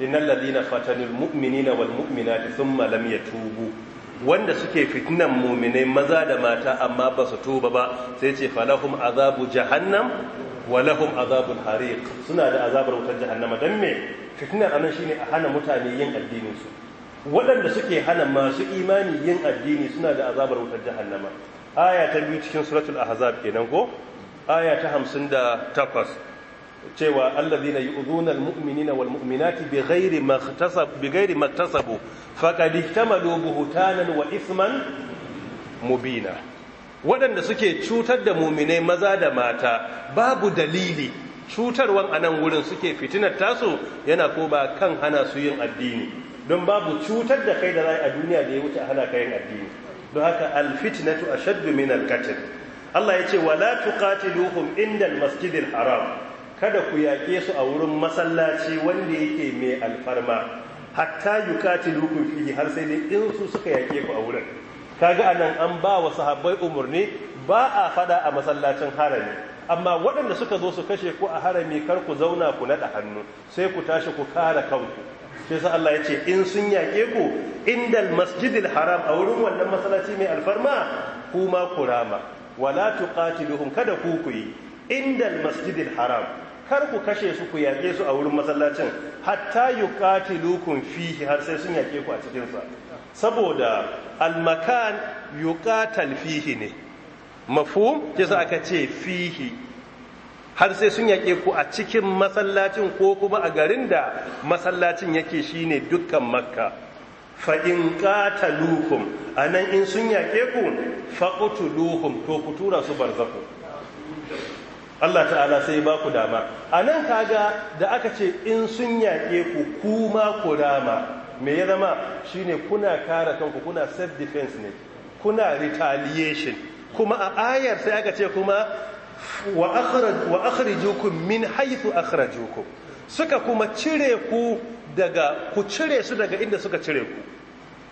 [SPEAKER 2] innal ladina fatanul mu'minina wal mu'minati thumma lam tugu. wanda suke fitinan muminai maza da mata amma ba su tuba ba sai ce falahum azabu jahannam wa lahum azabul hariq suna da azabar wutar jahannama dan me fitinan anan shine a hana mutane yin addinin su waɗanda suke hana masu imani yin addini suna da azabar wutar jahannama aya ta biyu cikin suratul ahzab kenan ko aya ta 58 cewa Allah yu'dhuna almu'minina walmu'minati bighairi maktasab gairi maktasabu faqad ihtamalu buhtanan wa isman mubina waɗanda suke cutar da muminai maza da mata babu dalili cutarwan anan wurin suke fitinar taso yana ko ba kan hana su yin addini don babu cutar da kai da rai a duniya da ya wuce hana ka yin addini don haka alfitnatu ashaddu min alqatl Allah ya ce wala tuqatiluhum inda almasjidil haram kada ku yaƙe su a wurin masallaci wanda yake mai alfarma hatta hukun fiye har sai dai in su suka yaƙe ku a wurin kaga anan an ba wa sahabbai umarni ba a fada a masallacin harami amma waɗanda suka zo su kashe ku a harami kar ku zauna ku naɗa hannu sai ku tashi ku kare kanku sai sa Allah ya ce in sun yaƙe ku indal masjidil haram a wurin wannan masallaci mai alfarma kuma ku rama wala tuqatiluhum kada ku ku yi indal masjidil haram kar ku kashe su ku yaƙe su a wurin masallacin hatta yuqatilukum fihi har sai sun yaƙe ku a cikinsa saboda almakan ƙatal fihi ne mafhum yasa aka ce fihi har sai sun yaƙe ku a cikin masallacin ko kuma a garin da masallacin yake ne dukkan makka fa in a anan in sun yaƙe ku faqtuluhum to ku tura su barzaku Allah ta'ala sai ba ku dama a nan kaga da aka ce in sun yaƙe ku kuma ku dama me ya zama shine kuna kara kanku kuna self defense ne kuna retaliation kuma a ayar sai aka ce kuma wa akhrijukum min haythu jukun, suka kuma cire ku daga ku cire su daga inda suka cire ku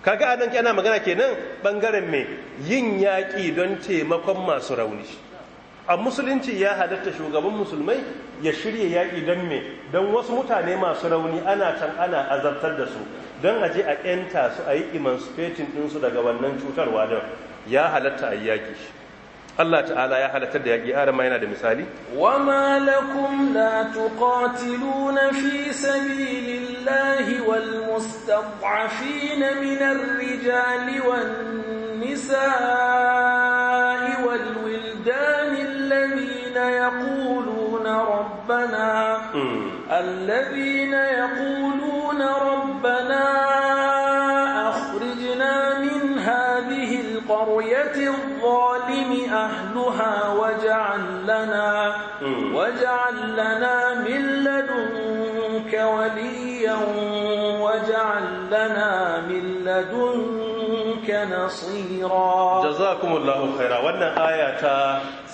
[SPEAKER 2] kaga anan kana magana kenan ɓangaren me yin yaƙi don taimakon masu rauni a musulunci ya halatta shugaban musulmai ya shirya yaƙi don me don wasu mutane masu rauni ana can ana azabtar da su don aje a ƙenta su a yi emancipating ɗinsu daga wannan cutar don ya halatta a yi yaƙi Allah ta'ala ya halattar da yaƙi arama yana da misali
[SPEAKER 3] wama lakum la tuqatiluna fi sabilillahi wal mustad'afina minar rijali wan nisa'i wal يقولون ربنا الذين يقولون ربنا أخرجنا من هذه القرية الظالم أهلها واجعل لنا واجعل لنا من لدنك وليا واجعل لنا من لدنك نصيرا جزاكم
[SPEAKER 2] الله خيرا وأن آية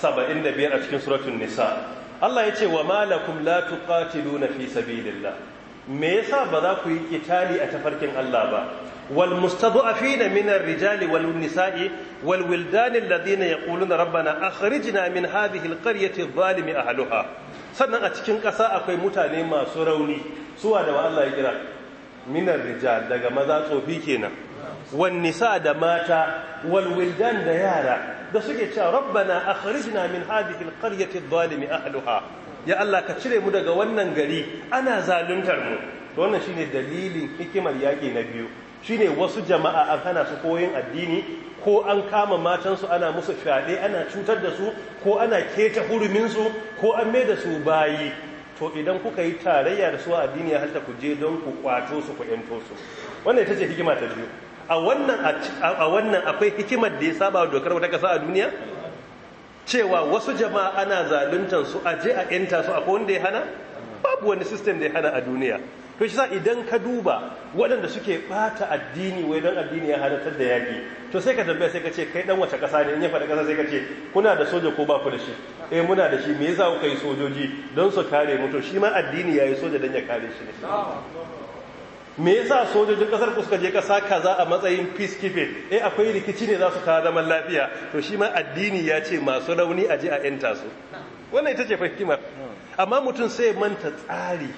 [SPEAKER 2] 75 a cikin suratul nisa Allah ya ce wa malakum la tuqatiluna fi sabilillah me yasa ba za ku yi kitali a tafarkin Allah ba wal mustad'afina min ar-rijali wal nisa'i wal wildani alladhina yaquluna rabbana akhrijna min hadhihi al-qaryati adh-dhalimi ahliha sannan a cikin ƙasa akwai mutane masu rauni suwa da wa Allah ya kira min ar-rijal daga maza tsofi kenan wani sa da mata walwildan da yara da suke cewa rabbana akhrijna min hadifin al qaryati a dhalimi ya Allah ka cire mu daga wannan gari ana zaluntar mu to wannan shine dalilin hikimar yaƙi na biyu shine wasu jama'a an hana su koyin addini ko an kama matansu ana musu fyaɗe ana cutar da su ko ana keta huruminsu ko an mai da su bayi to idan kuka yi tarayya da su a addini ya halta ku je don ku kwato su ku yanto su wannan ita ce hikima ta biyu a wannan akwai hikimar da ya saba dokar wata kasa a duniya cewa wasu jama'a ana zaluntar su aje a yanta su akwai wanda ya hana babu wani system da ya hana a duniya to shi sa idan ka duba waɗanda suke bata addini wai don addini ya hana da yaƙi to sai ka tambaya sai ka ce kai dan wace ƙasa ne in ya faɗi ƙasa sai ka ce kuna da soja ko ba ku da shi eh muna da shi me yasa kuka yi sojoji don su kare mu to shi ma addini ya yi soja don ya kare shi ne me yasa sojojin kasar ku suka je kasa kaza a matsayin peacekeeping eh akwai rikici ne za su kawo zaman lafiya to shi ma addini ya ce masu rauni a je a yanta su wannan ita ce fahimar amma mutum sai manta tsari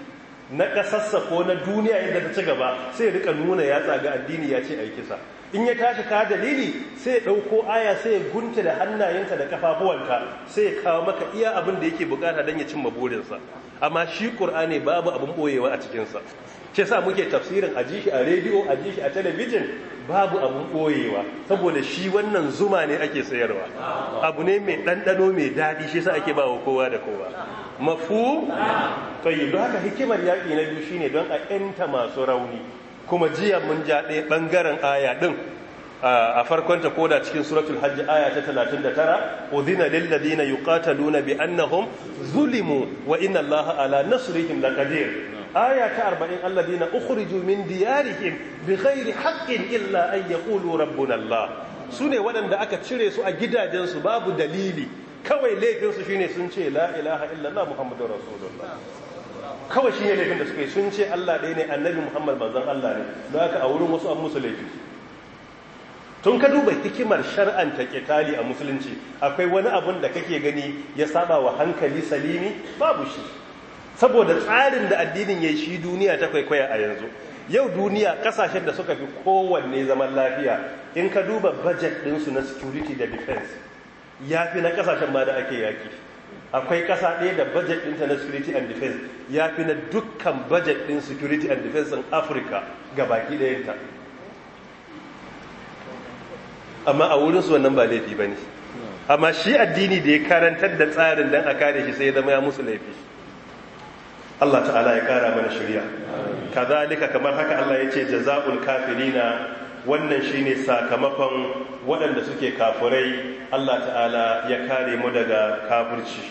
[SPEAKER 2] na kasarsa ko na duniya inda ta ci gaba sai rika nuna ya tsaga addini ya ce a yi kisa in ya tashi ka dalili sai ɗauko aya sai gunta da hannayenta da kafafuwanta sai ya kawo maka iya abin da yake bukata don ya cimma burinsa amma shi ƙur'ani babu abin ɓoyewa a cikinsa, sa ce sa muke tafsirin a ji shi a rediyo a ji shi a talabijin babu abin ɓoyewa saboda shi wannan zuma ne ake sayarwa abu ne mai ɗanɗano mai daɗi shi sa ake ba wa kowa da kowa mafu tayi don haka hikimar yaƙi na biyu shine don a ƴanta masu rauni kuma jiya mun jaɗe ɓangaren aya ɗin a farkonta koda cikin suratul hajji aya ta 39 udhina lil ladina yuqataluna bi annahum zulimu wa inna allaha ala nasrihim laqadir aya ta 40 alladina ukhriju min diyarihim bighairi haqqin illa an yaqulu rabbuna allah sune waɗanda aka cire su a gidajensu babu dalili kawai laifinsu shine sun ce la ilaha illallah muhammadur rasulullah kawai shine laifin da suka yi sun ce Allah ɗaya ne annabi Muhammad manzon Allah ne don haka a wurin wasu an musu laifi tun ka duba hikimar shar'anta ƙetali a musulunci akwai wani abun da kake gani ya saba wa hankali salimi babu shi saboda tsarin da addinin ya shi duniya ta kwaikwaya a yanzu yau duniya kasashen da suka fi kowanne zaman lafiya in ka duba budget ɗinsu na security da defense ya fi na kasashen ma da ake yaki akwai ƙasa ɗaya da budget ɗinta na security and defense ya fi na dukkan budget ɗin security and defense ɗin afirka ga baki ɗayanta amma a wurin su wannan ba laifi ba ne amma shi addini da ya karantar da tsarin don a kare shi sai ya zama ya musu laifi Allah ta'ala ya kara mana shirya kazalika kamar haka Allah ya ce jaza'ul kafirina wannan ne sakamakon waɗanda suke kafurai Allah ta'ala ya kare mu daga kafurci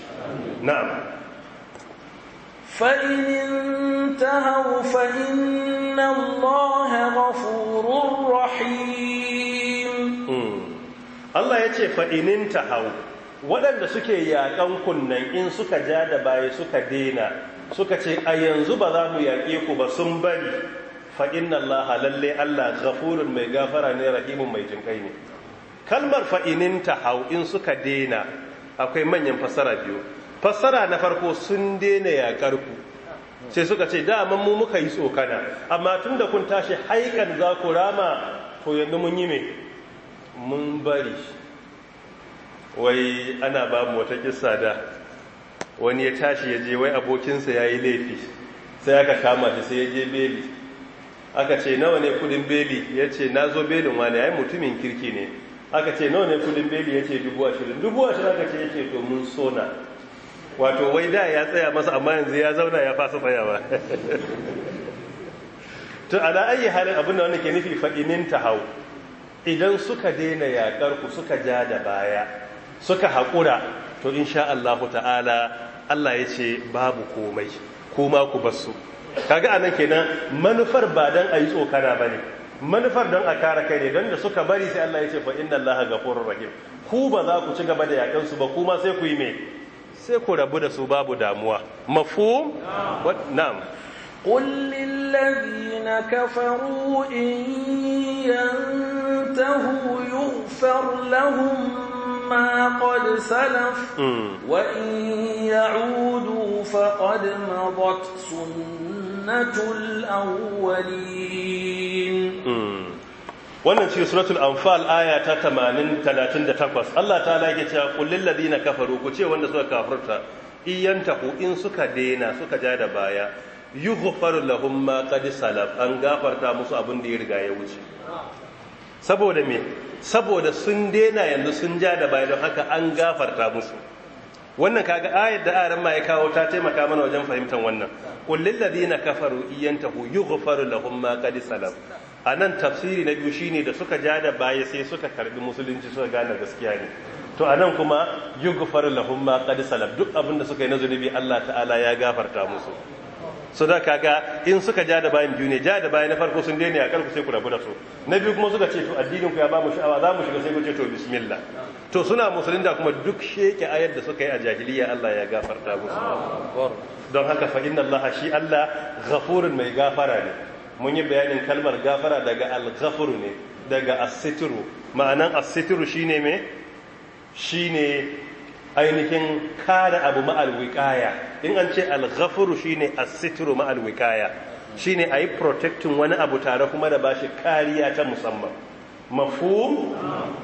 [SPEAKER 2] na'am fa'in
[SPEAKER 3] انتهوا فإن الله غفور
[SPEAKER 2] Allah ya ce fa'inin ta hau waɗanda suke yaƙan kunnan in suka ja da baya suka dena suka ce a yanzu ba za mu yaƙe ku ba sun bari fa'in Allah lallai Allah gafurin mai gafara ne rahimun mai jinkai ne kalmar fa'inin ta hau in suka dena akwai manyan fassara biyu fassara na farko sun dena yaƙar ku sai suka ce daman mu muka yi tsokana amma tun da kun tashi haikan za ku rama to yanzu mun yi mai mun bari wai ana ba mu wata kisa da wani ya tashi ya je wai abokinsa ya yi laifi sai aka kama shi sai ya je beli aka ce nawa ne kudin beli ya ce na zo belin wani ya yi mutumin kirki ne aka ce nawa ne kudin beli ya ce dubu ashirin dubu ashirin aka ce ya ce domin sona wato wai da ya tsaya masa amma yanzu ya zauna ya fasa tsayawa to ala ayi halin abin da wanda ke nufi fa'inin ta hau idan suka daina yaƙarku, ku suka ja da baya suka haƙura to insha Allah ta'ala Allah ya ce babu komai kuma ku basu kaga anan kenan manufar ba dan yi tsokana bane manufar dan a kare kai ne dan da suka bari sai Allah ya ce fa inna ga ghafurur rahim ku ba za ku ci gaba da yaƙansu ba kuma sai ku yi me sai ku rabu da su babu damuwa mafhum na'am
[SPEAKER 3] قل للذين كفروا إن ينتهوا يغفر لهم ما قد سلف وإن يعودوا فقد مضت سنة الأولين
[SPEAKER 2] wannan ce suratul anfal aya ta 80 Allah ta lake cewa qul lil ladina kafaru ku ce wanda suka kafirta iyantahu in suka dena suka ja da baya yughfaru lahum ma qad salaf an gafarta musu abin da ya riga ya wuce saboda me saboda sun dena yanzu sun ja da baya don haka an gafarta musu wannan kaga ayar da aran ma ya kawo ta taimaka mana wajen fahimtar wannan qul lil ladina kafaru iyantahu yughfaru lahum ma qad salaf anan tafsiri na biyu shine da suka ja da baya sai suka karbi musulunci suka gane gaskiya ne to a nan kuma yughfaru lahum ma qad salaf duk abin da suka yi na zunubi Allah ta'ala ya gafarta musu so da kaga in suka ja da bayan biyu ne ja da bayan na farko sun daina a karku sai ku rabu da su na biyu kuma suka ce to addinin ku ya ba mu sha'awa za mu shiga sai ku ce to bismillah to suna musulun da kuma duk sheke ayar da suka yi a jahiliya Allah ya gafarta musu don haka fa inna Allah shi Allah ghafurun mai gafara ne mun yi bayanin kalmar gafara daga al-ghafur ne daga as-sitru ma'anan as-sitru shine me shine ainihin kare abu ma'alwikaya in an ce al shine as-sitru shine ayi protecting wani abu tare kuma da bashi kariya ta musamman mafhum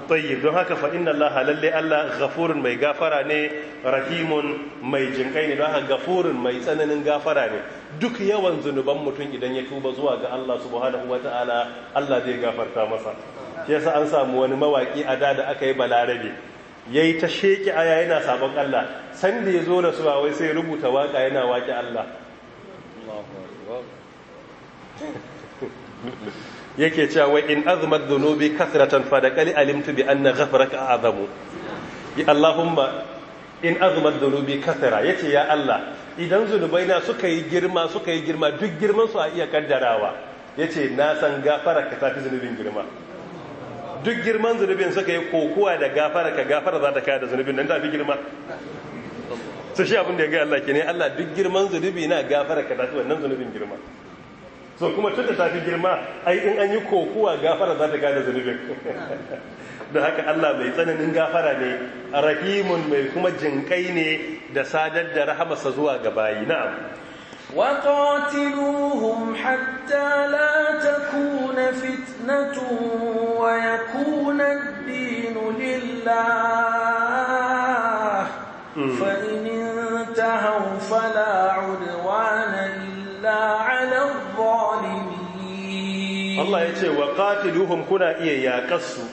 [SPEAKER 2] tayyib don haka fa inna Allah lalle Allah ghafurun mai gafara ne rahimun mai jinkai ne don haka ghafurun mai tsananin gafara ne duk yawan zunuban mutum idan ya tuba zuwa ga Allah subhanahu ta'ala Allah zai gafarta masa shi yasa an samu wani mawaki a da da aka yi balarabe ya yi ta sheki aya yana sabon Allah sanda ya zo rasuwa wai sai rubuta waka yana waki Allah yake cewa wai in azmat dhunubi kathratan fadaqali alimtu bi anna ghafraka azamu ya allahumma in azmat dhunubi ya yace ya allah idan zunubaina suka yi girma suka yi girma duk girman su a iya kaddarawa yace na san ka tafi zunubin girma duk girman zunubin suka yi kokuwa da gafara ka gafara za ta kaya da zunubin nan ta fi girma su shi abin da ya ga Allah ke ne Allah duk girman zunubi na gafara ka tafi wannan zunubin girma so kuma tunda ta fi girma ai in an yi kokuwa gafara za ta kaya da zunubin da haka Allah mai tsananin gafara ne rahimun mai kuma jinkai ne da sadar da rahamarsa zuwa ga bayi na'am
[SPEAKER 3] وقاتلوهم حتى لا تكون فتنة ويكون الدين لله
[SPEAKER 2] فإن
[SPEAKER 3] انتهوا فلا عدوان إلا على الظالمين
[SPEAKER 2] الله يقول وقاتلوهم كنا إيه يا قصوا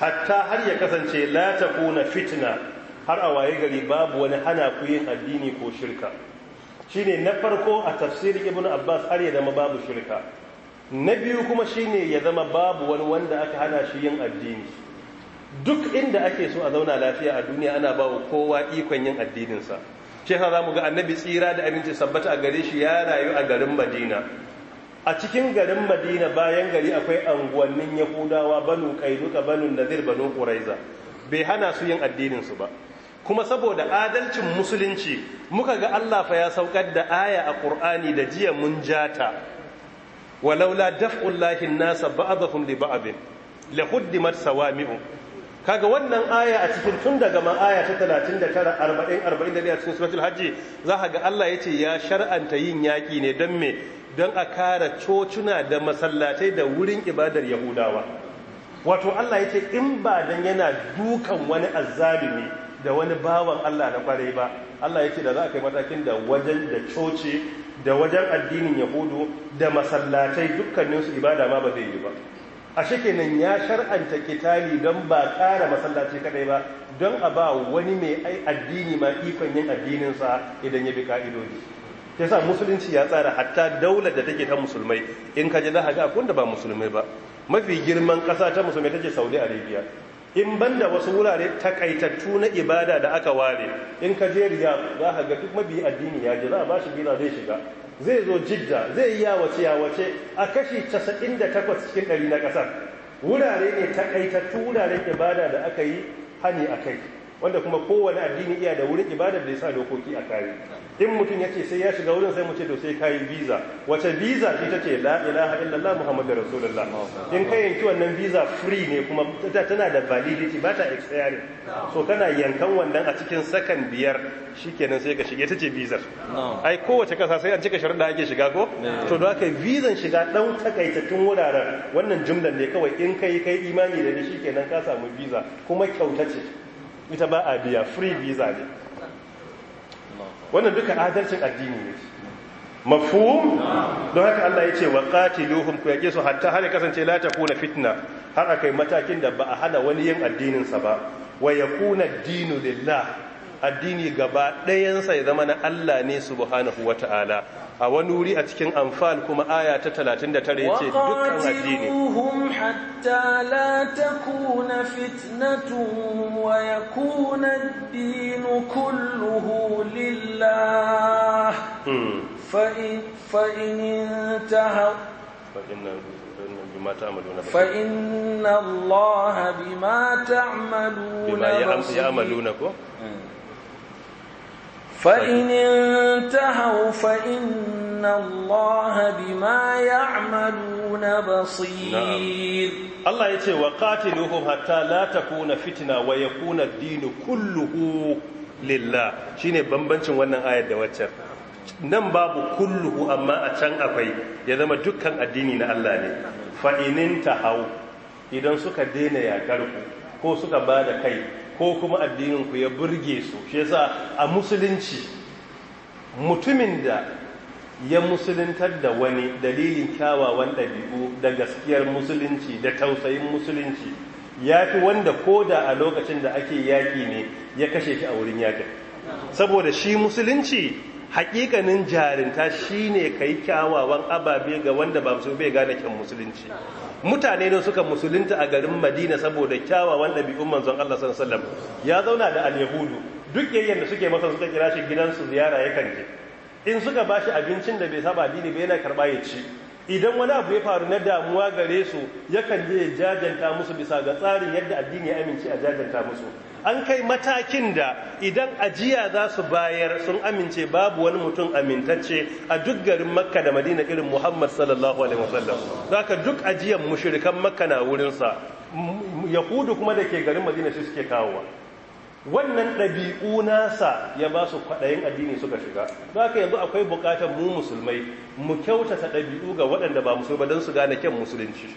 [SPEAKER 2] حتى هل يكسن لا تكون فتنة هل أوايق لباب ونحن babu الدين كو شركة shine na farko a tafsirin ibn abbas har ya zama babu shirka na biyu kuma shi ne ya zama babu wani wanda aka hana shi yin addini duk inda ake so a zauna lafiya a duniya ana ba wa kowa ikon yin addininsa shi za mu ga annabi tsira da aminci sabbata a gare shi ya rayu a garin madina a cikin garin madina bayan gari akwai anguwannin yahudawa banu kainuka banu nazir banu ƙuraiza bai hana su yin addininsu ba kuma saboda adalcin musulunci muka ga Allah fa ya saukar da aya a Qur'ani da jiya mun jata walaula daf'ullahi an-nasa ba'dhum li ba'd lahuddimat sawami'u kaga wannan aya a cikin tun daga ma aya ta 39 40 41 cikin suratul hajji za ka ga Allah yace ya shar'anta yin yaki ne dan me don a kare cocuna da masallatai da wurin ibadar yahudawa wato Allah yace in ba dan yana dukan wani azzalimi da wani bawan Allah na kwarai ba Allah ya ce da za a kai matakin da wajen da coci da wajen addinin yahudu da masallatai dukkaninsu ibada ma ba zai yi ba a kenan ya shar'anta kitali don ba ƙara masallaci kadai ba don a ba wani mai addini ma ikon yin addininsa idan ya bi ka'idoji sa musulunci ya tsara hatta daular da take ta musulmai in ka ji za a ga akwai da ba musulmai ba mafi girman ƙasa ta musulmai take saudi arabia in banda wasu wurare takaitattu na ibada da aka ware in ka je riya za ka ga duk mabi addini ya je za a ba shi gina zai shiga zai zo jidda zai yi yawace yawace a kashi 98 cikin ɗari na ƙasar wurare ne takaitattu wuraren ibada da aka yi hani a kai wanda kuma kowane addini iya da wurin ibadar da ya sa dokoki a kare in mutum ya sai ya shiga wurin sai mu ce to sai kayi visa wace visa ce ta ce la ilaha illallah muhammadu rasulullah in ka yanki wannan visa free ne kuma tana da validity ba ta expiring so kana yankan wannan a cikin sakan biyar shikenan sai ka shige ta ce visa ai kowace kasa sai an cika sharuɗa ake shiga ko to da haka visa shiga dan takaitattun wuraren wannan jumlar ne kawai in kai kai imani da shi kenan ka samu visa kuma kyauta ce ita ba a biya free visa ne wannan duka adalcin addini ne mafhum don haka Allah ya ce wa qatiluhum ku yake su hatta har kasance la kuna fitna har akai matakin da ba a hana wani yin addinin sa ba wa yakuna dinu lillah addini gaba ɗayansa ya zama na Allah ne subhanahu wa ta'ala a wani wuri a cikin amfal kuma aya ta da ya ce dukkan addini
[SPEAKER 3] hatta la kuna fitnatu wa ya kuna dinu kulluhu lillah hmm. fa in fa in
[SPEAKER 2] بما تعملون
[SPEAKER 3] فإن الله بما تعملون فإن انتهوا فإن الله بما يعملون بصير
[SPEAKER 2] الله يتي وقاتلهم حتى لا تكون فتنة ويكون الدين كله لله شيني بمبنشن wannan ayar da waccan nan babu kulluhu amma a can akwai ya zama dukkan addini na Allah ne fa'inin hau, tahaw idan suka daina yakar ku ko suka ba da kai ko kuma addininku ya burge su shi yasa a musulunci mutumin da ya musuluntar da wani dalilin kyawawan ɗabi'u da gaskiyar musulunci da tausayin musulunci ya fi wanda ko da a lokacin da ake yaƙi ne ya kashe shi a wurin yaƙin saboda shi musulunci hakikanin jarinta shine kai kyawawan ababe ga wanda ba su bai gane kyan musulunci mutane ne suka musulunta a garin Madina saboda kyawawan ɗabi'un manzon Allah sallallahu alaihi ya zauna da al-yahudu duk yayin suke masa suka kira shi gidansu ziyara yakan je in suka bashi abincin da bai saba dini ba yana karɓa ya ci idan wani abu ya faru na damuwa gare su yakan je ya jajanta musu bisa ga tsarin yadda addini ya amince a jajanta musu an kai matakin da idan ajiya za su bayar sun amince babu wani mutum amintacce a duk garin makka da madina irin muhammad sallallahu alaihi wasallam za ka duk ajiyan mushirikan makka na wurinsa yahudu kuma da ke garin madina shi suke kawowa wannan ɗabi'u nasa ya ba su kwaɗayin addini suka shiga za ka yanzu akwai bukatar mu musulmai mu kyautata ɗabi'u ga waɗanda ba musulma don su gane kyan musulunci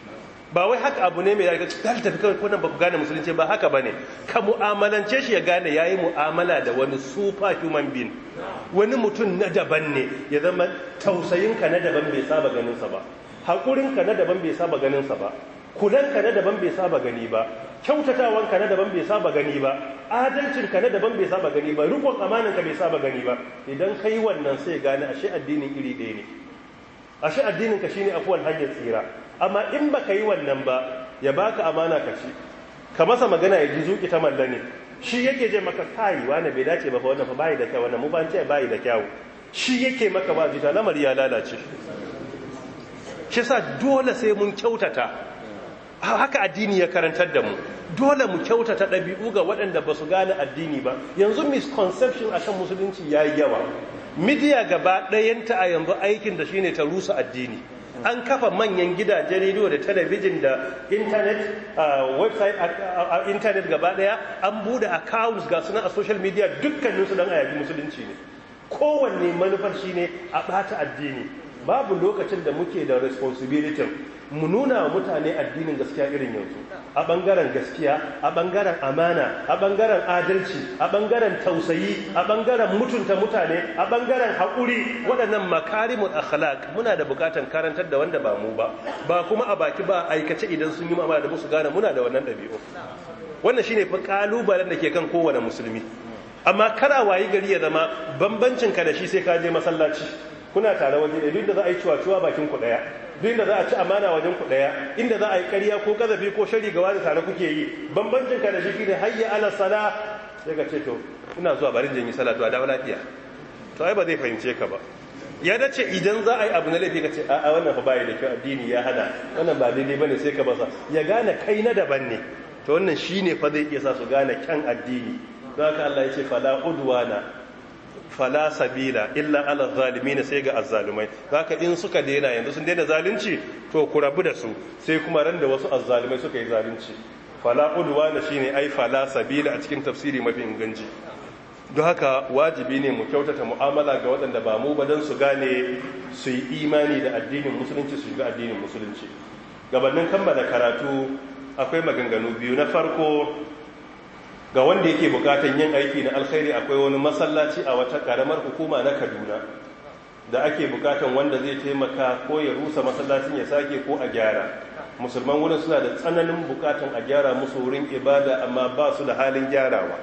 [SPEAKER 2] ba wai haka abu ne mai daga ta tafi kawai kunan ba ku gane musulunci ba haka ba ne ka mu'amalance shi ya gane ya yi mu'amala da wani super human being wani mutum na daban ne ya zama tausayinka na daban bai saba ganinsa ba haƙurinka na daban bai saba ganinsa ba kulanka na daban bai saba gani ba kyautatawanka na daban bai saba gani ba adalcinka na daban bai saba gani ba rikon ka bai saba gani ba idan kai wannan sai gane ashe addinin iri ɗaya ne ashe addininka shine afuwan hanyar tsira amma in baka yi wannan ba ya baka amana ka ci ka masa magana ya ji zuƙi ta malla ne shi yake je maka kayi wani bai dace ba fa wannan fa bayi da kyau wannan mu ban ce bayi da kyau shi yake maka ba jita lamari ya lalace shi sa dole sai mun kyautata haka addini ya karantar da mu dole mu kyautata ɗabi'u ga waɗanda ba su gane addini ba yanzu misconception kan musulunci ya yi yawa midiya gaba ɗayanta a yanzu aikin da shi ne ta rusa addini an kafa manyan gidajen rediyo da talabijin da intanet website a intanet gaba daya an bude accounts ga suna a social media dukkaninsu don a musulunci ne kowanne manufar shine a ɓata addini babu lokacin da muke da responsibility mu nuna wa mutane addinin gaskiya irin yanzu a ɓangaren gaskiya a ɓangaren amana a ɓangaren adalci a ɓangaren tausayi a bangaren mutunta mutane a ɓangaren haƙuri waɗannan makarimun akhlaq muna da buƙatan karantar da wanda ba mu ba ba kuma a baki ba aikace idan sun yi amana da musu gane muna da wannan ɗabi'u wannan shine fa kalubalen da ke kan kowane musulmi amma kara wayi gari ya zama bambancin ka da shi sai ka je masallaci kuna tare waje ne duk da za a yi ciwaciwa bakin ku daya duk da za a ci amana wajen ku daya inda za a yi ƙarya ko kazafi ko shari ga da tare kuke yi bambancin ka da shi ne hayya ala sala sai ka ce to ina zuwa barin jin yi salatu a dawo lafiya to ai ba zai fahimce ka ba ya dace idan za a yi abu na laifi ka ce a wannan fa bai da kyau addini ya hana wannan ba daidai bane sai ka basa ya gane kai na daban ne to wannan shine fa zai iya sa su gane kyan addini Za haka Allah ya ce fala udwana fala sabila illa ala ne sai ga azzalumai zaka in suka daina yanzu sun daina zalunci to ku rabu da su sai kuma ran da wasu azzalumai suka yi zalunci fala na shine ai fala sabila a cikin tafsiri mafi inganci don haka wajibi ne mu kyautata mu'amala ga waɗanda ba mu badan su gane su yi imani da addinin musulunci su shiga addinin musulunci gabanin kammala karatu akwai maganganu biyu na farko ga wanda yake bukatan yin aiki na alkhairi akwai wani masallaci a wata karamar hukuma na kaduna da ake bukatan wanda zai taimaka ko ya rusa masallacin ya sake ko a gyara musulman wurin suna da tsananin bukatan a gyara musu wurin ibada amma ba su da halin gyarawa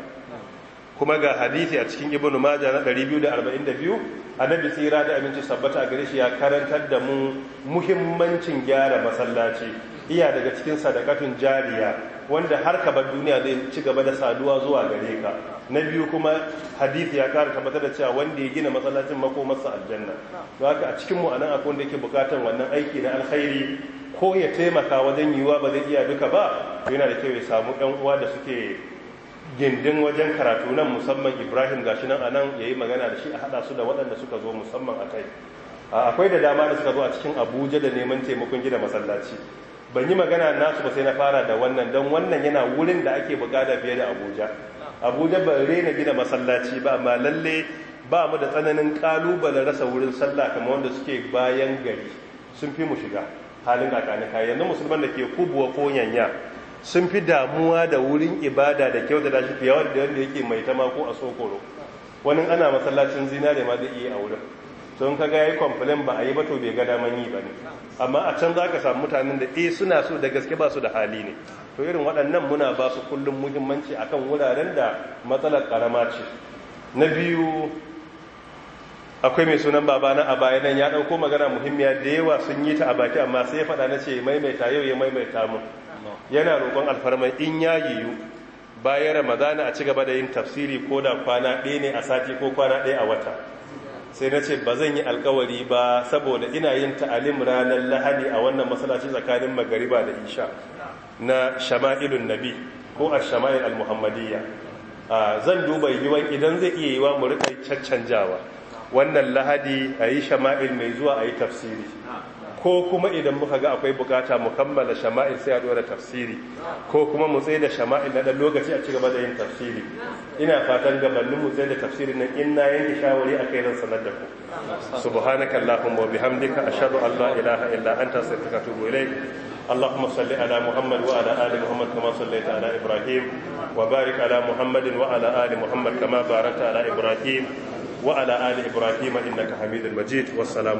[SPEAKER 2] kuma ga hadisi a cikin ibnu majah na 242 annabi tsira da aminci sabbata a gare shi ya karantar da mu muhimmancin gyara masallaci iya daga cikin sadakatun jariya wanda har ka bar duniya zai ci gaba da saduwa zuwa gare ka na biyu kuma hadith ya kara tabbatar da cewa wanda ya gina masallacin makomarsa aljanna to haka a cikin mu anan akwai wanda yake bukatar wannan aiki na alkhairi ko ya taimaka wajen yiwuwa ba zai iya duka ba to yana da kyau ya samu ɗan uwa da suke gindin wajen karatu nan musamman ibrahim gashi nan anan ya yi magana da shi a haɗa su da waɗanda suka zo musamman a kai akwai da dama da suka zo a cikin abuja da neman taimakon gina masallaci ban yi magana nasu ba sai na fara da wannan don wannan yana wurin da ake bukada fiye da abuja abuja ban rena gina masallaci ba amma lalle ba mu da tsananin kalubalen rasa wurin sallah kamar wanda suke bayan gari sun fi mu shiga halin kakanika yanzu musulman da ke kubuwa ko yanya sun fi damuwa da wurin ibada da kyau da dashi fiye da wanda yake mai tama ko a sokoro wani ana masallacin zinare ma zai iya a wurin sun kaga yayi complain ba a yi ba to bai ga daman yi ba ne amma a can ka samu mutanen da eh suna so da gaske ba su da hali ne to irin waɗannan muna ba su kullum muhimmanci akan wuraren da matsalar karama ce na biyu akwai mai sunan babana a baya nan ya ɗauko magana muhimmiya da yawa sun yi ta a baki amma sai ya faɗa na ce maimaita yau ya maimaita mu yana roƙon alfarmar in ya yiwu bayan ramadana a ci gaba da yin tafsiri ko da kwana ɗaya ne a sati ko kwana ɗaya a wata sai na ce ba zan yi alkawari ba saboda ina yin ta'alim ranar lahadi a wannan masallaci tsakanin magariba da isha na shama'ilun nabi ko a shama'il al-muhammadiyya zan duba yiwuwan idan zai iya yiwa mu rika caccanjawa wannan lahadi a yi shama'il mai zuwa a yi tafsiri ko kuma idan muka ga akwai bukata mu kammala shama'il sai a dora tafsiri ko kuma mu tsaye da shama'il na dan lokaci a cigaba da yin tafsiri ina fatan gabanin mu tsaye da tafsiri nan in na yanke shawari akai ran sanar da ku subhanaka allahumma wa bihamdika ashhadu an la ilaha illa anta astaghfiruka wa atubu ilayk اللهم صل على محمد وعلى ال محمد كما صليت على ابراهيم Muhammad على محمد وعلى ال محمد كما باركت على ابراهيم وعلى ال ابراهيم انك حميد مجيد والسلام